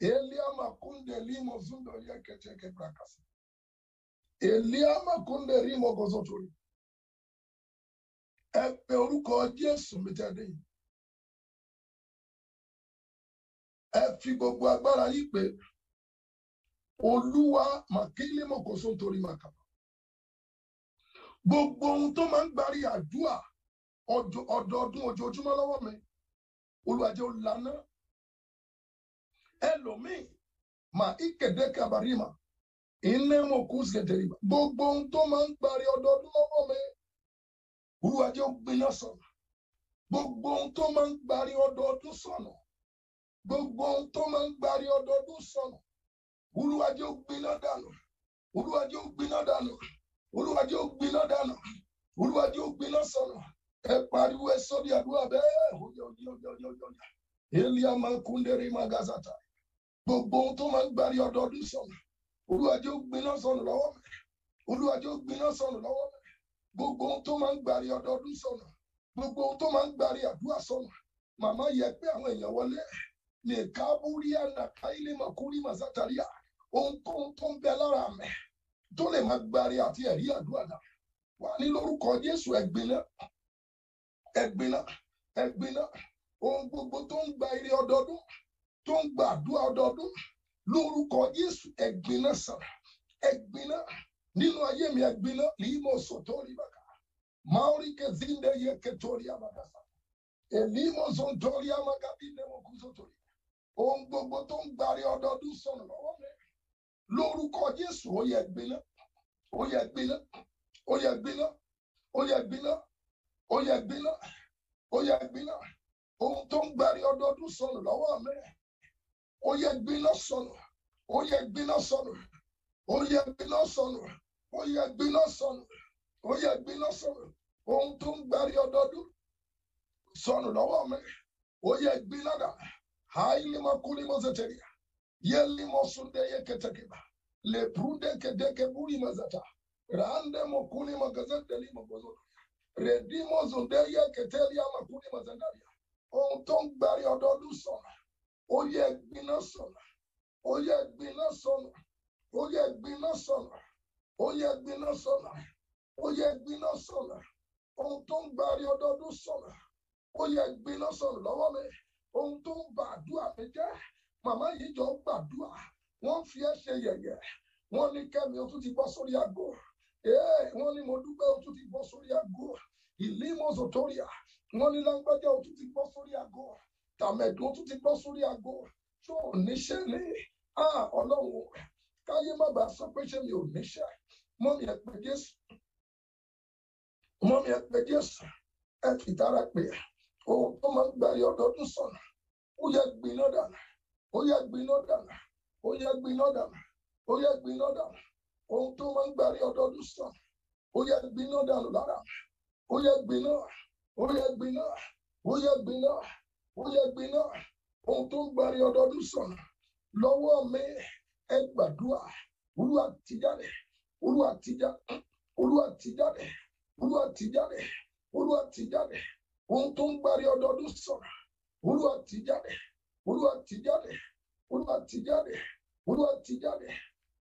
Speaker 3: Elia makunde limo zundo ya teke prakasa. Elia makunde limo gozotori.
Speaker 4: Ẹ pe orúkọ Jésù mi jáde yìí. Ẹ fi gbogbo agbára yìí pé
Speaker 3: Olúwa màkílímọ̀ kò sóhun torí màkàbà. Gbogbo ohun tó máa ń gbarí àdúrà ọdọọdún ojoojúmọ́ lọ́wọ́ mi. Olúwa jẹ́ ẹlòmíì mà ìkéde kabarima ìnẹ́mọ̀ kùsùkẹ̀tẹ̀rìmà gbogbo ohun tó máa ń parí ọdọọdún lọ́wọ́ mi olùwàjẹ́ ó gbiná sọ̀nà gbogbo ohun tó máa ń parí ọdọọdún sọ̀nà gbogbo ohun tó máa ń parí ọdọọdún sọ̀nà olùwàjẹ́ ó gbiná dànù olùwàjẹ́ ó gbiná dànù olùwàjẹ́ ó gbiná dànù olùwàjẹ́ ó gbiná sọ̀nà ẹ pariwo ẹ sọ bí àdúrà bẹ́ẹ̀ ọjà ọjà ọjà ọjà ọjà elia makunde rí magazata gbogbo ohun tó máa ń gbárí ọdọọdún sọnù olúwàjẹ́ ó gbiná sọnù lọ́wọ́ mi olúwàjẹ́ ó gbiná sọnù lọ́wọ́ mi gbogbo ohun tó máa ń gbárí ọdọọdún sọnù gbogbo ohun tó máa ń gbárí àdúrà sọnù màmá yẹ pé àwọn èèyàn wọlé lè ká búrí ànàká ilé màkúrí màsátàríà ohunkóhun tó ń bẹ lára mi tó lè máa gbárí àti ẹ̀rí àdúrà náà wà ní lórúkọ Jésù ẹgbinná ẹgbinná ẹgbinná ohun gbogbo tó ń gba ire ọdọọdún tó ń gbàdúrà ọdọọdún lórúkọ Jésù ẹ̀gbin náà sàn ẹ̀gbin náà nínú ayé mi ẹ̀gbin náà lè mọ̀ sọ̀tọ́ rí bàkà maori kẹsíndé yẹ kẹtọ́rí àmàkàsà èmi mọ̀ sọ̀tọ́ rí àmàkàbí lẹ́mọ̀ kú sọ̀tọ́ rí ohun gbogbo tó ń gbàrí ọdọọdún sọnù lọ́wọ́ mi lórúkọ Jésù ó yẹ ẹ̀gbin náà ó yẹ ẹ̀gbin náà ó yẹ ẹ̀gbin náà ó yẹ ẹ̀gbin náà ó yẹ ẹ̀gbin náà ó yẹ ẹ̀gbin náà ohun tó ń gbàrí ọdọọdún sọnù lọ́wọ́ mi ó yẹ gbiná sọnù ó yẹ gbiná sọnù ó yẹ gbiná sọnù ó yẹ gbiná sọnù ó yẹ gbiná sọnù ohun tó ń gbárí ọdọọdún sọnù lọ́wọ́ mi ó yẹ gbiná dà hailima kulimo zeteria yelimo sunde yeketekeba mo kedeke bulima zata rande mokulima gazetelimo gozodo redimo zunde yeketelia makulima zendaria ohun tó ń gbárí ọdọọdún sọnù ó yẹ gbiná sọnà ó yẹ gbiná sọnà ó yẹ gbiná sọnà ó yẹ gbiná sọnà ó yẹ gbiná sọnà ohun tó ń gbari ọdọọdún sọnà ó yẹ gbiná sọnà lọ́wọ́ mi ohun tó ń ba àdúrà mi jẹ́ màmá yìí jọ ń gbàdúrà wọ́n fi ẹ́ ṣe yẹ̀yẹ̀ wọ́n ní kẹ́mi o tún ti bọ́ sórí àgọ́ wọ́n ní mo dúpẹ́ o tún ti bọ́ sórí àgọ́ ìlímọ̀sọ̀tòríà wọ́n ní lágbájá o tún ti bọ́ sórí àgọ́ tàmẹ̀dùn tún ti gbọ́ sórí ago? tó ò níṣẹ́ lé ọlọ́run káyé má bàa sọ pé ṣé mi ò níṣẹ́ mọ́mí ẹ pé jésù mọ́mí ẹ pé jésù ẹ fi tara pé ohun tó máa ń gba ayé ọdọọdún sọ̀nà ó yẹ gbiná dànù ó yẹ gbiná dànù ó yẹ gbiná dànù ó yẹ gbiná dànù ohun tó máa ń gba ayé ọdọọdún sọ̀nà ó yẹ gbiná dànù lára ó yẹ gbiná ó yẹ gbiná ó yẹ gbiná ó yẹ gbiná ohun tó ń gbari ọdọọdún sọnà lọ́wọ́ mi ẹ gbàdúrà olúwa ti jáde olúwa ti jáde olúwa ti jáde olúwa ti jáde olúwa ti jáde ohun tó ń gbari ọdọọdún sọnà olúwa ti jáde olúwa ti jáde olúwa ti jáde olúwa ti jáde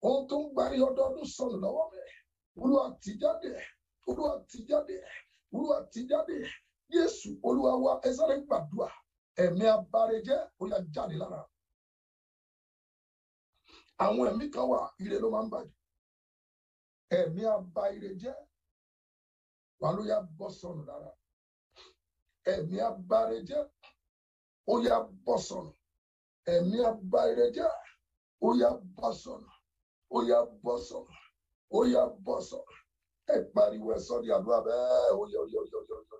Speaker 3: ohun tó gbari ọdọọdún sọnà lọ́wọ́ mi olúwa ti jáde olúwa ti jáde olúwa ti jáde Jésù olúwa wa ẹ sáré gbàdúrà ẹ̀mí abárẹjẹ́ ó yá jáde lára àwọn ẹ̀mí kan wà ire ló máa ń bàjẹ́ ẹ̀mí aba ire jẹ́ wà ló yá bọ́ sọnù lára ẹ̀mí abárẹjẹ́ ó yá bọ́ sọnù ẹ̀mí aba ire jẹ́ ó yá bọ́ sọnù ó yá bọ́ sọnù ó yá bọ́ sọnù ẹ pariwo ẹ sọ di àdúrà bẹ́ẹ̀ ó yá ó yá ó yá ó yá ó yá.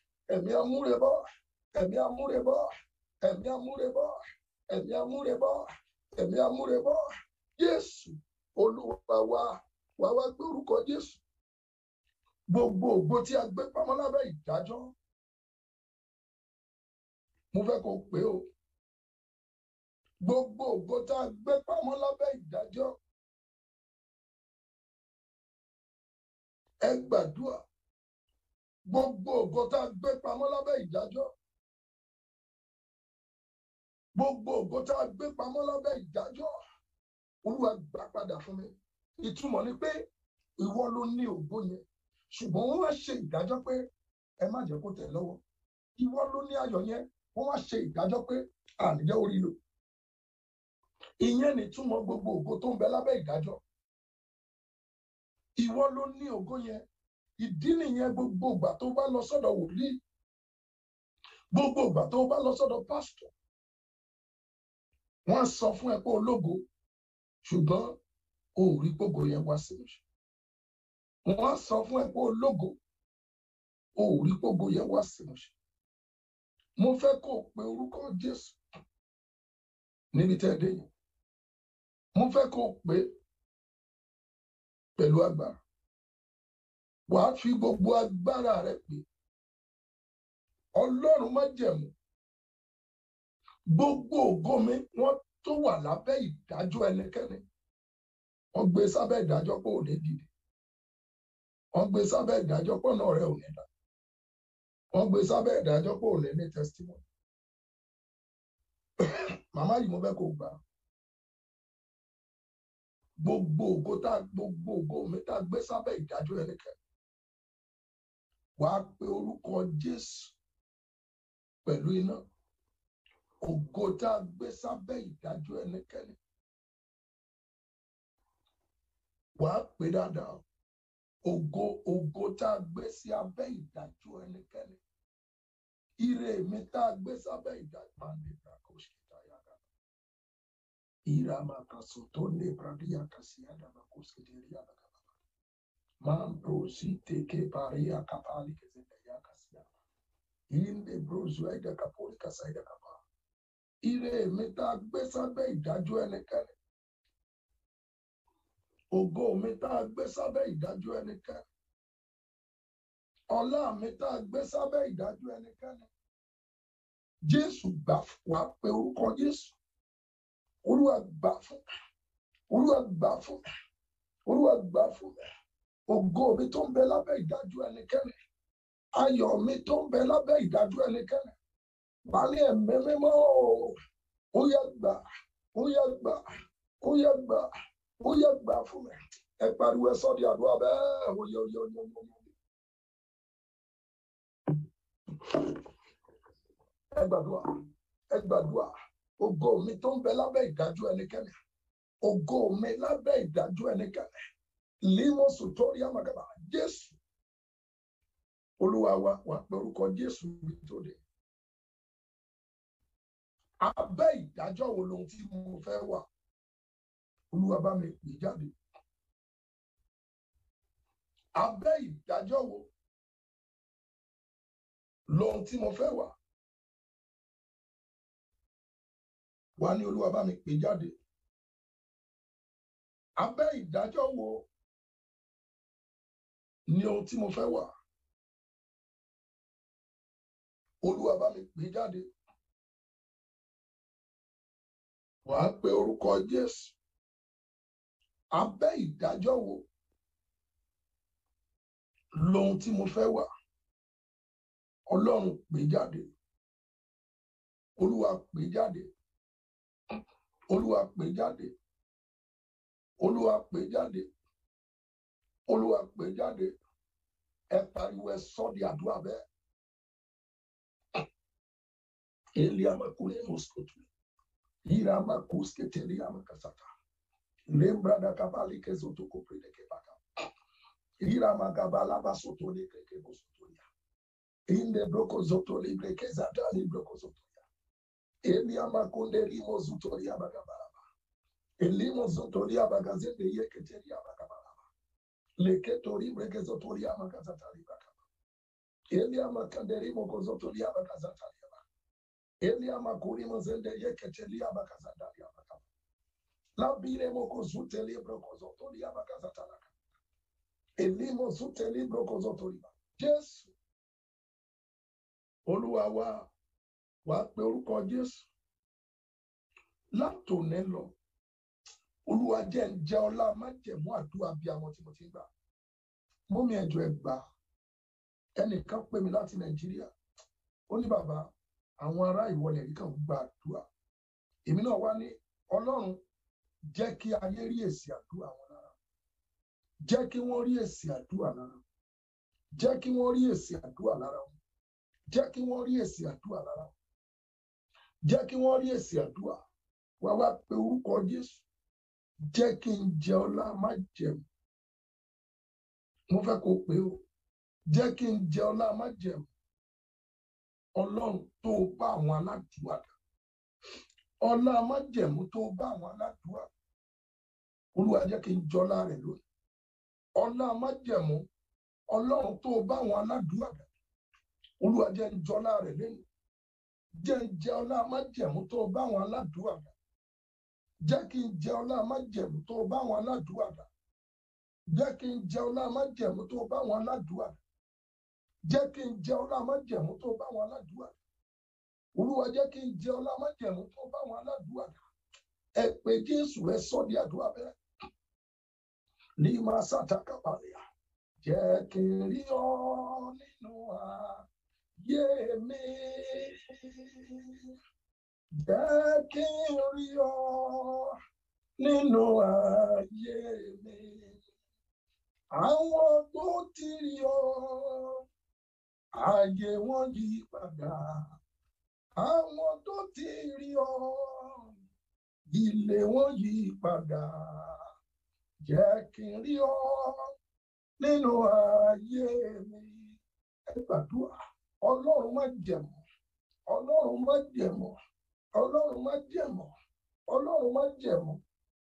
Speaker 3: ẹ̀mí amúre bọ̀ ẹ̀mí amúre bọ̀ ẹ̀mí amúre bọ̀ ẹ̀mí amúre bọ̀ ẹ̀mí amúre bọ̀ Jésù Olúwa wa wà wá gbé orúkọ Jésù gbogbo ògbó tí a gbé pamọ́ lábẹ́ ìdájọ́
Speaker 4: mo fẹ́ kó pé o gbogbo ògbó tá a gbé pamọ́ lábẹ́ ìdájọ́ ẹ gbàdúrà gbogbo ògo tá a gbé pamọ́ lábẹ́ ìdájọ́ gbogbo ògo tá a gbé pamọ́ lábẹ́
Speaker 3: ìdájọ́ olúwa gbà padà fún mi ìtumọ̀ ni pé ìwọ ló ní ògo yẹn ṣùgbọ́n wọ́n wá ṣe ìdájọ́ pé ẹ má jẹ́ kó tẹ̀ lọ́wọ́ ìwọ ló ní ayọ̀ yẹn wọ́n wá ṣe ìdájọ́ pé àníjẹ́ orí lò ìyẹn nìtumọ̀ gbogbo ògo tó ń bẹ lábẹ́ ìdájọ́ ìwọ ló ní ògo yẹn ìdí nìyẹn gbogbo ìgbà tó bá lọ sọ́dọ̀ wòlíì gbogbo ìgbà tó bá lọ sọ́dọ̀ pásítọ̀ wọ́n sọ fún ẹ pé ológo ṣùgbọ́n o ò rí gbogbo yẹn wá sí ìmúṣẹ wọ́n sọ fún ẹ pé ológo o ò rí gbogbo yẹn wá sí ìmúṣẹ
Speaker 4: mo fẹ́ kó o pe orúkọ Jésù níbi tẹ́ ẹ dé yẹn mo fẹ́ kó o pè pẹ̀lú agbára wàá fi gbogbo agbára rẹ pé
Speaker 3: ọlọ́run má jẹ̀mú gbogbo ògo mi wọ́n tó wà lábẹ́ ìdájọ́ ẹnikẹ́ni wọ́n gbé sábẹ́ ìdájọ́ pé òní dìde wọ́n gbé sábẹ́ ìdájọ́ pé ọ̀nà rẹ òní dà wọ́n gbé sábẹ́ ìdájọ́
Speaker 4: pé òní ní testimony màmá yìí mo fẹ́ kó gbà á gbogbo ògo tá gbogbo ògo mi tá gbé sábẹ́
Speaker 3: ìdájọ́ ẹnikẹ́ni wàá pe orúkọ Jésù pẹ̀lú iná ògo tá a gbé sábẹ́ ìdájọ́ ẹnikẹ́ni wàá pè dáadáa ògo ògo tá a gbé sí abẹ́ ìdájọ́ ẹnikẹ́ni ire mi tá a gbé sábẹ́ ìdájọ́ kò ṣe mambrosite ke paria kapali ke zendeya kasia inde brozu aida kapoli kasaida kapa ire meta gbé sábẹ́ ìdájọ́ ẹnikẹ́ni ògo meta gbé sábẹ́ ìdájọ́ ẹnikẹ́ni ọlá meta gbé sábẹ́ ìdájọ́ ẹnikẹ́ni Jésù gbà wá pé orúkọ Jésù Olúwa gbà fún Olúwa gbà fún Olúwa gbà fún mi. ògo mi tó ń bẹ lábẹ́ ìdájọ́ ẹnikẹ́ni ayọ̀ mi tó ń bẹ lábẹ́ ìdájọ́ ẹnikẹ́ni wà ní ẹ̀mí mímọ́ ó yẹ gbà ó yẹ gbà ó yẹ gbà ó yẹ gbà fún mi ẹ pariwo ẹ sọ di àdúrà bẹ́ẹ̀ ó yẹ ó yẹ ó yẹ ẹ gbàdúrà ẹ gbàdúrà ògo mi tó ń bẹ lábẹ́ ìdájọ́ ẹnikẹ́ni ògo mi lábẹ́ ìdájọ́ ẹnikẹ́ni limo sotori amagaba jésù olúwa wa wà pé orúkọ jésù mi tó dé abẹ́ ìdájọ́ wo lohun tí mo fẹ́
Speaker 4: wà olúwa bá mi pè jáde abẹ́ ìdájọ́ wo lohun tí mo fẹ́ wà wà ní olúwa bá mi pè jáde abẹ́ ìdájọ́ wo ní ohun tí mo fẹ́ wà olúwa bá mi gbé jáde wàá pe orúkọ jésù abẹ́ ìdájọ́ wo lohun tí mo fẹ́ wà ọlọ́run pè jáde olúwa pè jáde olúwa pè jáde olúwa pè jáde olúwa
Speaker 3: pè jáde ẹ pariwo ẹ sọ di àdúrà bẹ́ẹ̀ ah. eli amakule moskutu ira makuske teli amakasata lembra da kabali kezoto koprile kebaka ira magabala basoto le keke bosoto ya inde broko zoto libre kezata libroko zoto ya eli amakunde limo zoto ya bagabala elimo zoto ya bagazende yeketeli ya bagabala leketori bregezotoria makazatari bakaba elia makanderi mokozotoria bakazatari ba elia makuri mazende yeketelia bakazatari bakaba labire mokozuteli brokozotoria bakazatara elimo zute libro ba jésù olúwa wa wàá pe orúkọ jésù látòní lọ olúwa jẹ́ ń jẹ́ ọlá má jẹ̀mú àdúrà bí àwọn tí mo ti gbà mọ́mí ẹ̀jọ̀ ẹ̀ gbà ẹnìkan pè mí láti nàìjíríà ó ní bàbá àwọn ará ìwọlẹ̀ yìí kàn gba àdúrà èmi náà wá ní ọlọ́run jẹ́ kí ayé rí èsì àdúrà wọn lára jẹ́ kí wọ́n rí èsì àdúrà lára jẹ́ kí wọ́n rí èsì àdúrà lára wọn kí wọ́n rí èsì àdúrà lára wọn kí wọ́n rí èsì àdúrà wá wá pe orúkọ jésù jẹ́ kí n jẹ ọlá má mo fẹ́ kó pé o jẹ ọlá má ọlọ́run tó bá àwọn aládùúgbò ọlá má tó bá àwọn olúwa jẹ́ kí n lónìí ọlá má ọlọ́run tó bá àwọn olúwa jẹ́ lónìí jẹ́ jẹ ọlá má tó bá àwọn jẹ́ kí n jẹ ọlá tó bá jẹ́ kí n jẹ tó bá wọn aládùúwà dà jẹ́ kí n jẹ ọlá tó bá àwọn olúwa jẹ́ kí n jésù ẹ sọ àdúrà bẹ́ẹ̀ ní máa jẹ́ kí rí ọ nínú ayé mi jẹ́ kí rí ọ. nínú ayé mi àwọn tó ti rí ọ ayé wọn yí padà àwọn tó ti rí ọ ilé wọn yí padà jẹ́ kí n rí ọ nínú ayé mi ẹ gbàdúrà ọlọ́run má jẹ̀mọ́ ọlọ́run má jẹ̀mọ́ ọlọ́run má jẹ̀mọ́ ọlọ́run má jẹ̀mọ́.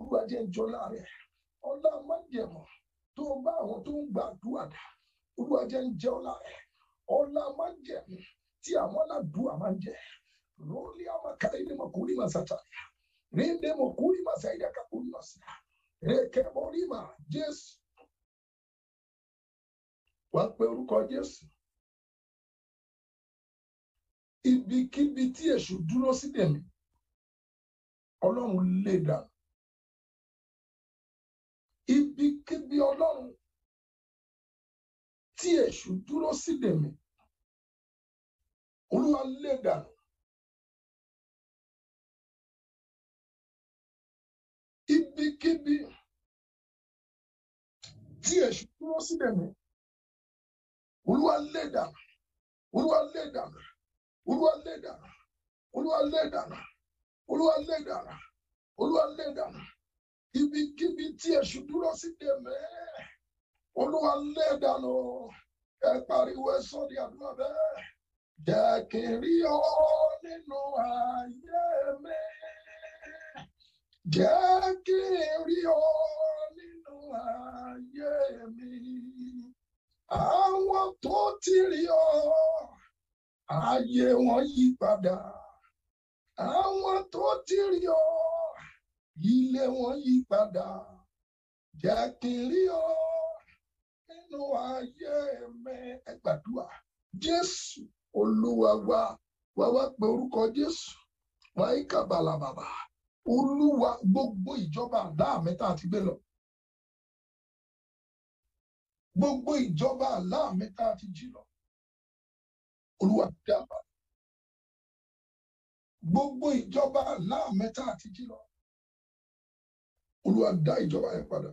Speaker 3: olùwàjẹ ìjọlá rẹ ọlá májẹmọ tó bá àwọn tó ń gbàdúrà dà olùwàjẹ ìjẹ ọlá rẹ ọlá májẹmọ tí àwọn aládùúgbà máa ń jẹ rọlí amakari ni mọkùnrin máa sàtàlẹ ríndé mọkùnrin máa jésù
Speaker 4: wàá pe orúkọ jésù ibikíbi tí èṣù dúró sí dèmí ibikíbi ọlọ́run tí èṣù dúró sí dèmí olúwa
Speaker 3: ibikíbi tí èṣù dúró sí dèmẹ́ olúwa lẹ́ẹ̀dánù e ẹ pariwo ẹ sọ di àdúrà bẹ́ẹ̀ jẹ́ kí n rí ọ nínú ayé mi jẹ́ kí n rí ọ nínú ayé mi àwọn tó ti rí ọ ayé wọn yí padà àwọn tó ti rí ọ ilé wọn yí padà jẹ́ kí n rí ọ nínú ayé mi ẹ jésù olúwa wa wá wá pé orúkọ jésù wáyé kàbàlà bàbà olúwa gbogbo ìjọba àdá mẹ́ta àti gbé lọ gbogbo
Speaker 4: ìjọba àlá mẹ́ta àti jí lọ olúwa dábàá gbogbo ìjọba àlá mẹ́ta àti jí lọ olúwa dá ìjọba yẹn padà.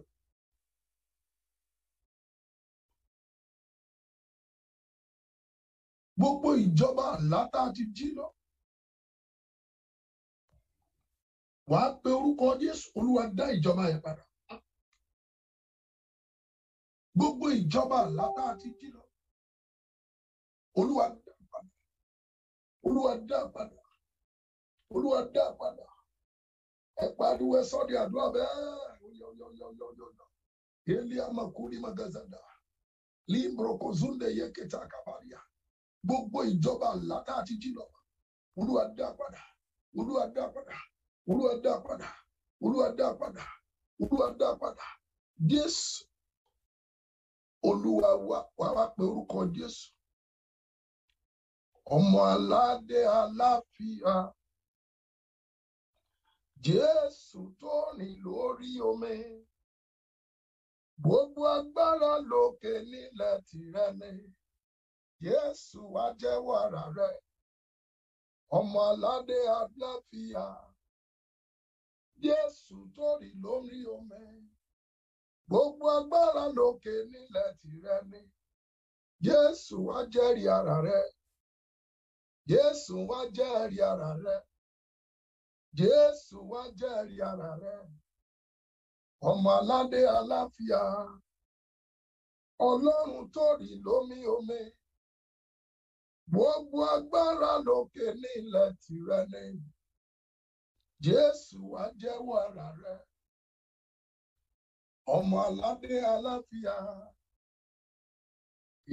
Speaker 4: gbogbo ìjọba àlátà ti jí lọ. wàá pe orúkọ jésù olúwa dá ìjọba yẹn padà. gbogbo ìjọba àlátà ti jí lọ. olúwa dá padà.
Speaker 3: olúwa dá padà. olúwa dá padà. ẹ pariwo ẹ sọ di àdúrà bẹ́ẹ̀ eh, yọyọyọyọyọ eli amakuri magazada limbrokozunde yeketa akabaria gbogbo ìjọba àlàtà àti jìnnà olúwa dá padà olúwa dá padà olúwa dá padà olúwa ọmọ aládé Jésù tó rìn lórí omi gbogbo agbára lókè nílẹ̀ tìrẹ ni Jésù wá jẹ́wọ́ ara rẹ̀ ọmọ aládé adáfíà Jésù tó rìn lórí omi gbogbo agbára lókè nílẹ̀ tìrẹ ni Jésù wá jẹ́rìí ara rẹ̀ Jésù wá jẹ́rìí ara rẹ̀. jésù wá jẹ́rìí ara rẹ
Speaker 4: ọmọ aládé aláfíà
Speaker 3: ọlọ́run tó rìn lómi omi gbogbo agbára lókè nílẹ̀ tìrẹ ni jésù wá jẹ́wọ́ ara rẹ ọmọ aládé aláfíà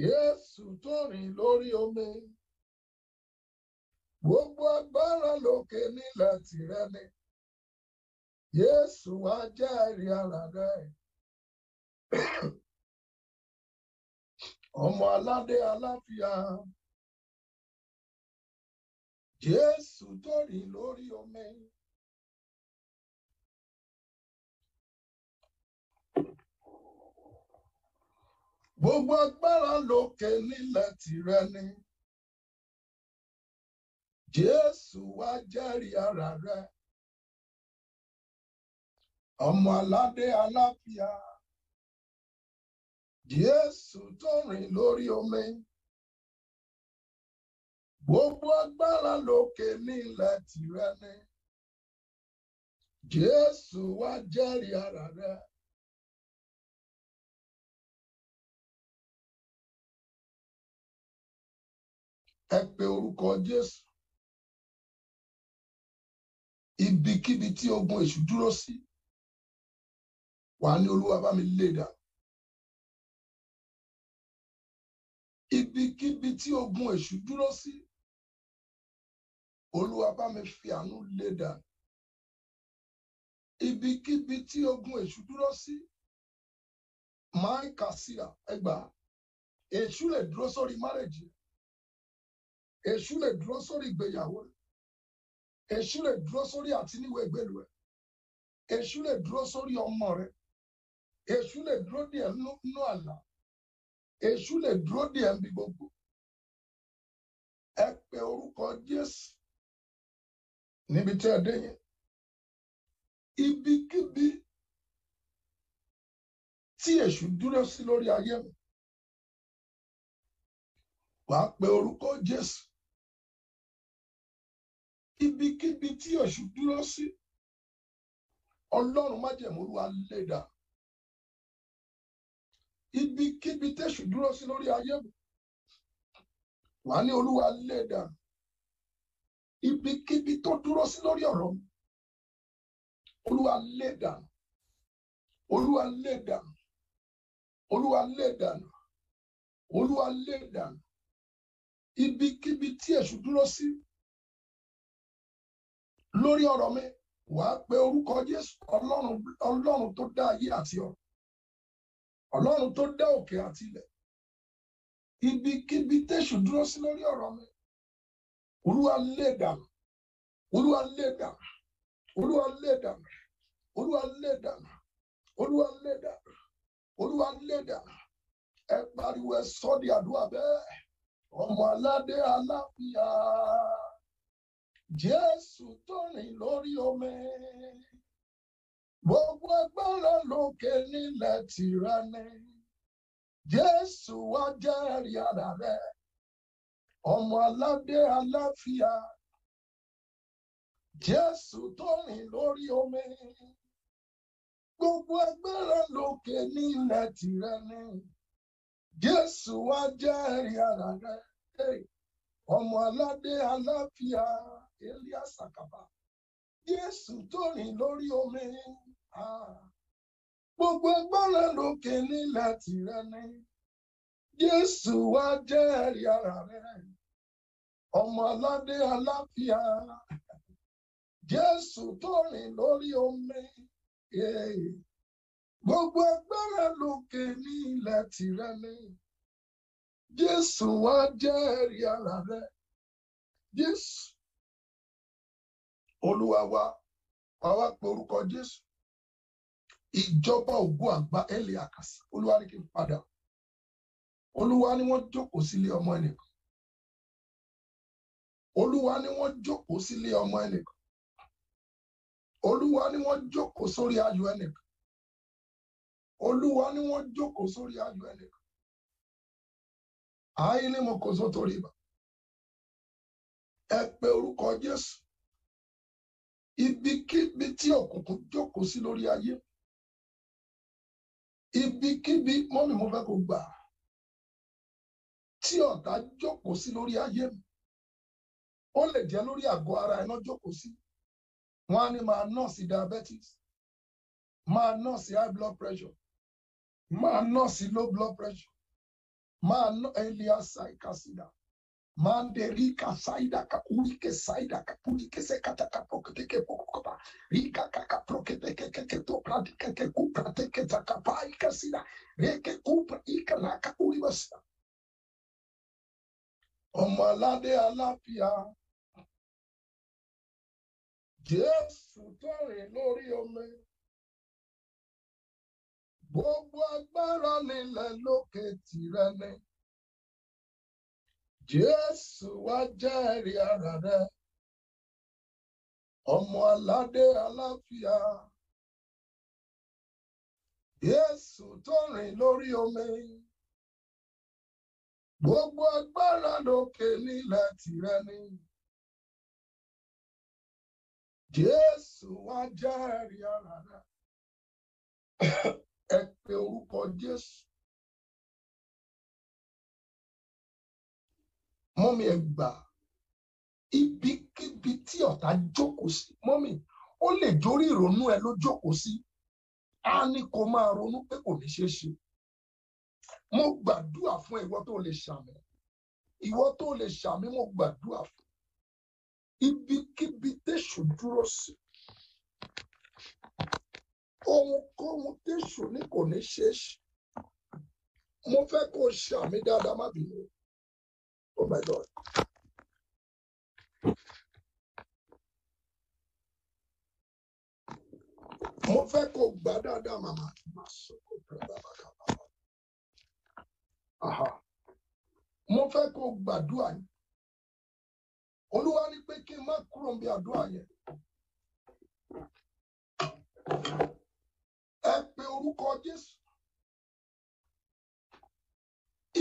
Speaker 4: jésù tó rìn lórí omi.
Speaker 3: Gbogbo agbára lókè nílẹ̀ tìrẹ ni. Yéésù wá jẹ́rìí ara rẹ̀.
Speaker 4: Ọmọ aládé aláfíà. Jésù tó lórí omi. Gbogbo agbára lókè nílẹ̀ tìrẹ ni. Jésù wá jẹ́rìí ara rẹ Ọmọ aládé aláfíà. Jésù tó rìn lórí omi. Gbogbo agbára lókè nílẹ̀ tìrẹ ni. Jésù wá jẹ́rìí ara rẹ Ẹ pe orúkọ Jésù. ibikíbi tí ogun èṣù dúró sí wà ní olúwa bá mi lé e dà ibikíbi tí ogun èṣù dúró sí olúwa bá mi fi àánú lé e dà
Speaker 3: ibikíbi tí ogun èṣù dúró sí máa ń kà síra ẹgbà èṣù lè dúró sórí márèjì èṣù lè dúró sórí ìgbéyàwó rẹ èṣù lè dúró sórí àti níwèé gbèlú ẹ èṣù lè dúró sórí ọmọ rẹ èṣù lè dúró díẹ̀ nínú àlá èṣù lè dúró díẹ̀ níbi gbogbo ẹ pe orúkọ
Speaker 4: Jésù níbi tí ẹ dé yẹn ibikíbi tí èṣù dúró sí lórí ayé mi wàá pe orúkọ Jésù ibikíbi tí èṣù dúró sí ọlọ́run
Speaker 3: májẹ̀mú Olúwa lè dà ibikíbi tẹ̀ṣù dúró sí lórí ayé wàá ní Olúwa lè dà ibikíbi tó dúró sí lórí ọ̀rọ̀ mi Olúwa lè dà Olúwa lè dà Olúwa lè Olúwa lè ibikíbi tí èṣù dúró sí. Si
Speaker 4: lórí ọ̀rọ̀ mi wàá pe orúkọ Jésù ọlọ́run tó dá ayé àti ọ̀run ọlọ́run tó dá òkè àti ilẹ̀
Speaker 3: ibikíbi tẹ̀sù dúró sí lórí ọ̀rọ̀ mi olúwa lè dànù olúwa lè dànù olúwa lè dànù olúwa lè dànù olúwa lè dànù olúwa lè dànù ẹ pariwo ẹ sọ di àdúrà bẹ́ẹ̀ ọmọ aládé aláfíà. Jésù tó rìn lórí omi. Gbogbo agbára lókè nílẹ̀ tìrẹ ni. Jésù wá jẹ́rìí ara rẹ̀. Ọmọ aládé aláfíà. Jésù tó rìn lórí omi. Gbogbo agbára lókè nílẹ̀ tìrẹ ni. Jésù wá jẹ́rìí ara rẹ̀. Ọmọ aládé aláfíà. elia sakaba jésù tó lórí omi gbogbo agbára lókè nílẹ̀ tìrẹ ni jésù wá jẹ́ ẹ̀rí ara rẹ ọmọ aládé aláfíà jésù tó rìn lórí omi gbogbo agbára lókè nílẹ̀ tìrẹ ni jésù wá jẹ́ ẹ̀rí ara rẹ olúwa wa wàá wá pe orúkọ jésù ìjọba ògo àgbà ẹlẹ àkàsà olúwa ní kí n padà
Speaker 4: olúwa ni wọ́n jókòó sílé ọmọ ẹnìkan olúwa
Speaker 3: ni wọ́n jókòó sílé ọmọ ẹnìkan olúwa ni wọ́n jókòó sórí ayọ̀ ẹnìkan olúwa ni wọ́n jókòó sórí ayọ̀ ẹnìkan
Speaker 4: ààyè ni mo kò sótórí ibà ẹ pe orúkọ jésù ibikíbi tí òkùnkùn jókòó sí lórí ayé ibikíbi mọ́mí mo fẹ́ kó gbà
Speaker 3: tí ọ̀tá jókòó sí lórí ayé mi ó lè jẹ́ lórí àgọ́ ara iná jókòó sí wọ́n á ní máa nọ́ọ̀sì diabetes máa nọ́ọ̀sì high blood pressure máa nọ́ọ̀sì low blood pressure máa nọ́ọ̀sì eliasai kasida manderika saida kakulike saida kapulike sekata kaproketeke pokopa rika kakaproketeke keke topratike ke kuprateke takapai kasida reke kupra ikalaka ulibasida ọmọ aládé aláfíà
Speaker 4: jésù tọrin lórí omi
Speaker 3: gbogbo agbára nílẹ̀ lókè tìrẹ ni. Jésù wá jẹ́rìí ara rẹ
Speaker 4: Ọmọ aládé aláfíà. Jésù tó rìn lórí omi. Gbogbo agbára lókè nílẹ̀ tìrẹ ni. Jésù wá jẹ́rìí ara rẹ̀. Ẹ orúkọ Jésù. mọ́mí ẹ gbà
Speaker 3: ibikíbi tí ọ̀tá jókòó sí mọ́mí ó lè jórí ìrònú ẹ ló jókòó sí a ní kó máa ronú pé kò ní ṣeé ṣe mo gbàdúrà fún ìwọ tó lè ṣàmì ìwọ tó lè ṣàmì mo gbàdúrà fún ibikíbi téṣù dúró sí ohunkóhun téṣù ní kò ní ṣeé ṣe mo fẹ́ kó ṣàmì dáadáa má bínú. Oh my God. Mo fẹ́ kó gbá dáadáa màmá tí màá sọ kó pẹ̀lú àbákà bàbá. Mo fẹ́ kó gbàdúrà yìí. Olúwa ní pé kí n má kúrò níbi àdúrà yẹn. Ẹ pe orúkọ Jésù.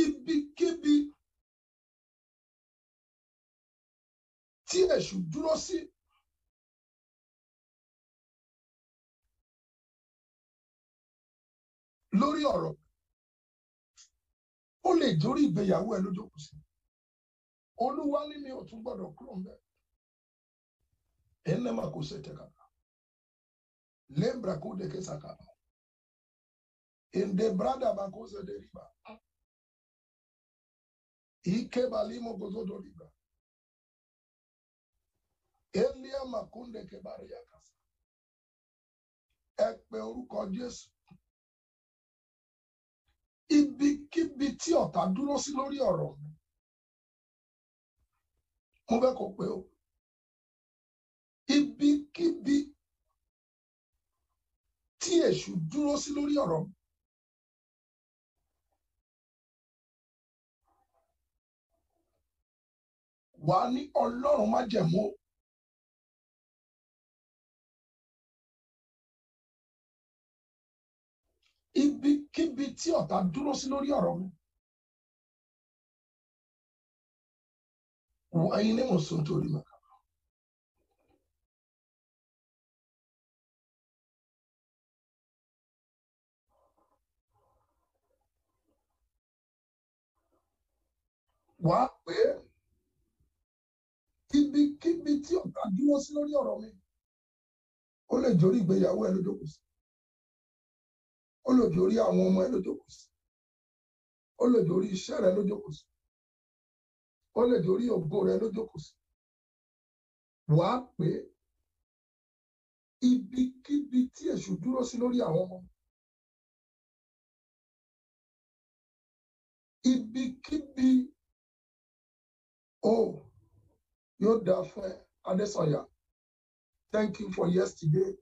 Speaker 4: Ibikíbi. tí èṣù dúró sí. lórí ọ̀rọ̀ ó lè dórí ìgbéyàwó ẹ lójókòó sí
Speaker 3: olúwa ní mi ò tún gbọ́dọ̀ kúrò ń bẹ
Speaker 4: ẹnlẹmà kò ṣètẹ kàkà lẹmbra kò dẹkẹ sàkàkà ẹnde brada bá kó ṣe rí bá ike balimo gozo dórí bá. elia makunde kebari ya kasa ẹ pe orúkọ jésù ibikíbi tí ọ̀tá dúró sí lórí ọ̀rọ̀ mi mo fẹ́ kó pe o ibikíbi tí èṣù dúró sí lórí ọrọ mi. wa ní ọlọ́run má jẹ̀mú o. ibikíbi tí ọ̀tá dúró sí lórí ọ̀rọ̀ mi wò ẹyin ní mò ń sun torí màkà.
Speaker 3: wàá pé ibikíbi tí ọ̀tá dúró sí lórí ọ̀rọ̀ mi ó lè jórí ìgbéyàwó ẹ lójókòó sí
Speaker 4: ó lò dórí àwọn ọmọ ẹ lójókòó sí ó lò dórí iṣẹ́ rẹ lójókòó sí ó lè dórí ògo rẹ lójókòó sí wàá pé ibikíbi tí èṣù dúró sí lórí àwọn ọmọ
Speaker 3: ibikíbi o oh, yóò dáa fún ẹ Adésànyà thank you for yesterday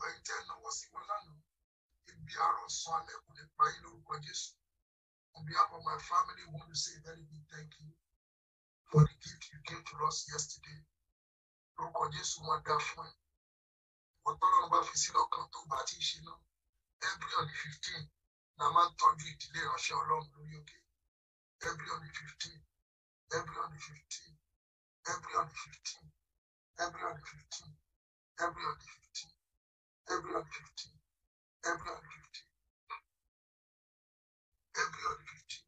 Speaker 3: gbogbo ẹ̀yin tẹ́ náwó sí wọn lánàá ibi àròsàn
Speaker 4: alẹ́kùn nípa yín lórúkọ Jésù on behalf of my family we want to say very big thank you for the gift you gave to us yesterday lórúkọ Jésù wọn dá fún ẹ
Speaker 3: ọtọ́lọ́run bá fi sí lọ́kàn tó bá ti ṣe náà every on the fifteen la máa ń tọ́jú ìdílé ìránṣẹ́ Ọlọ́run lórí òkè every on the fifteen every
Speaker 4: on the fifteen every on the fifteen every on the fifteen every on the fifteen. every activity, every activity, every activity.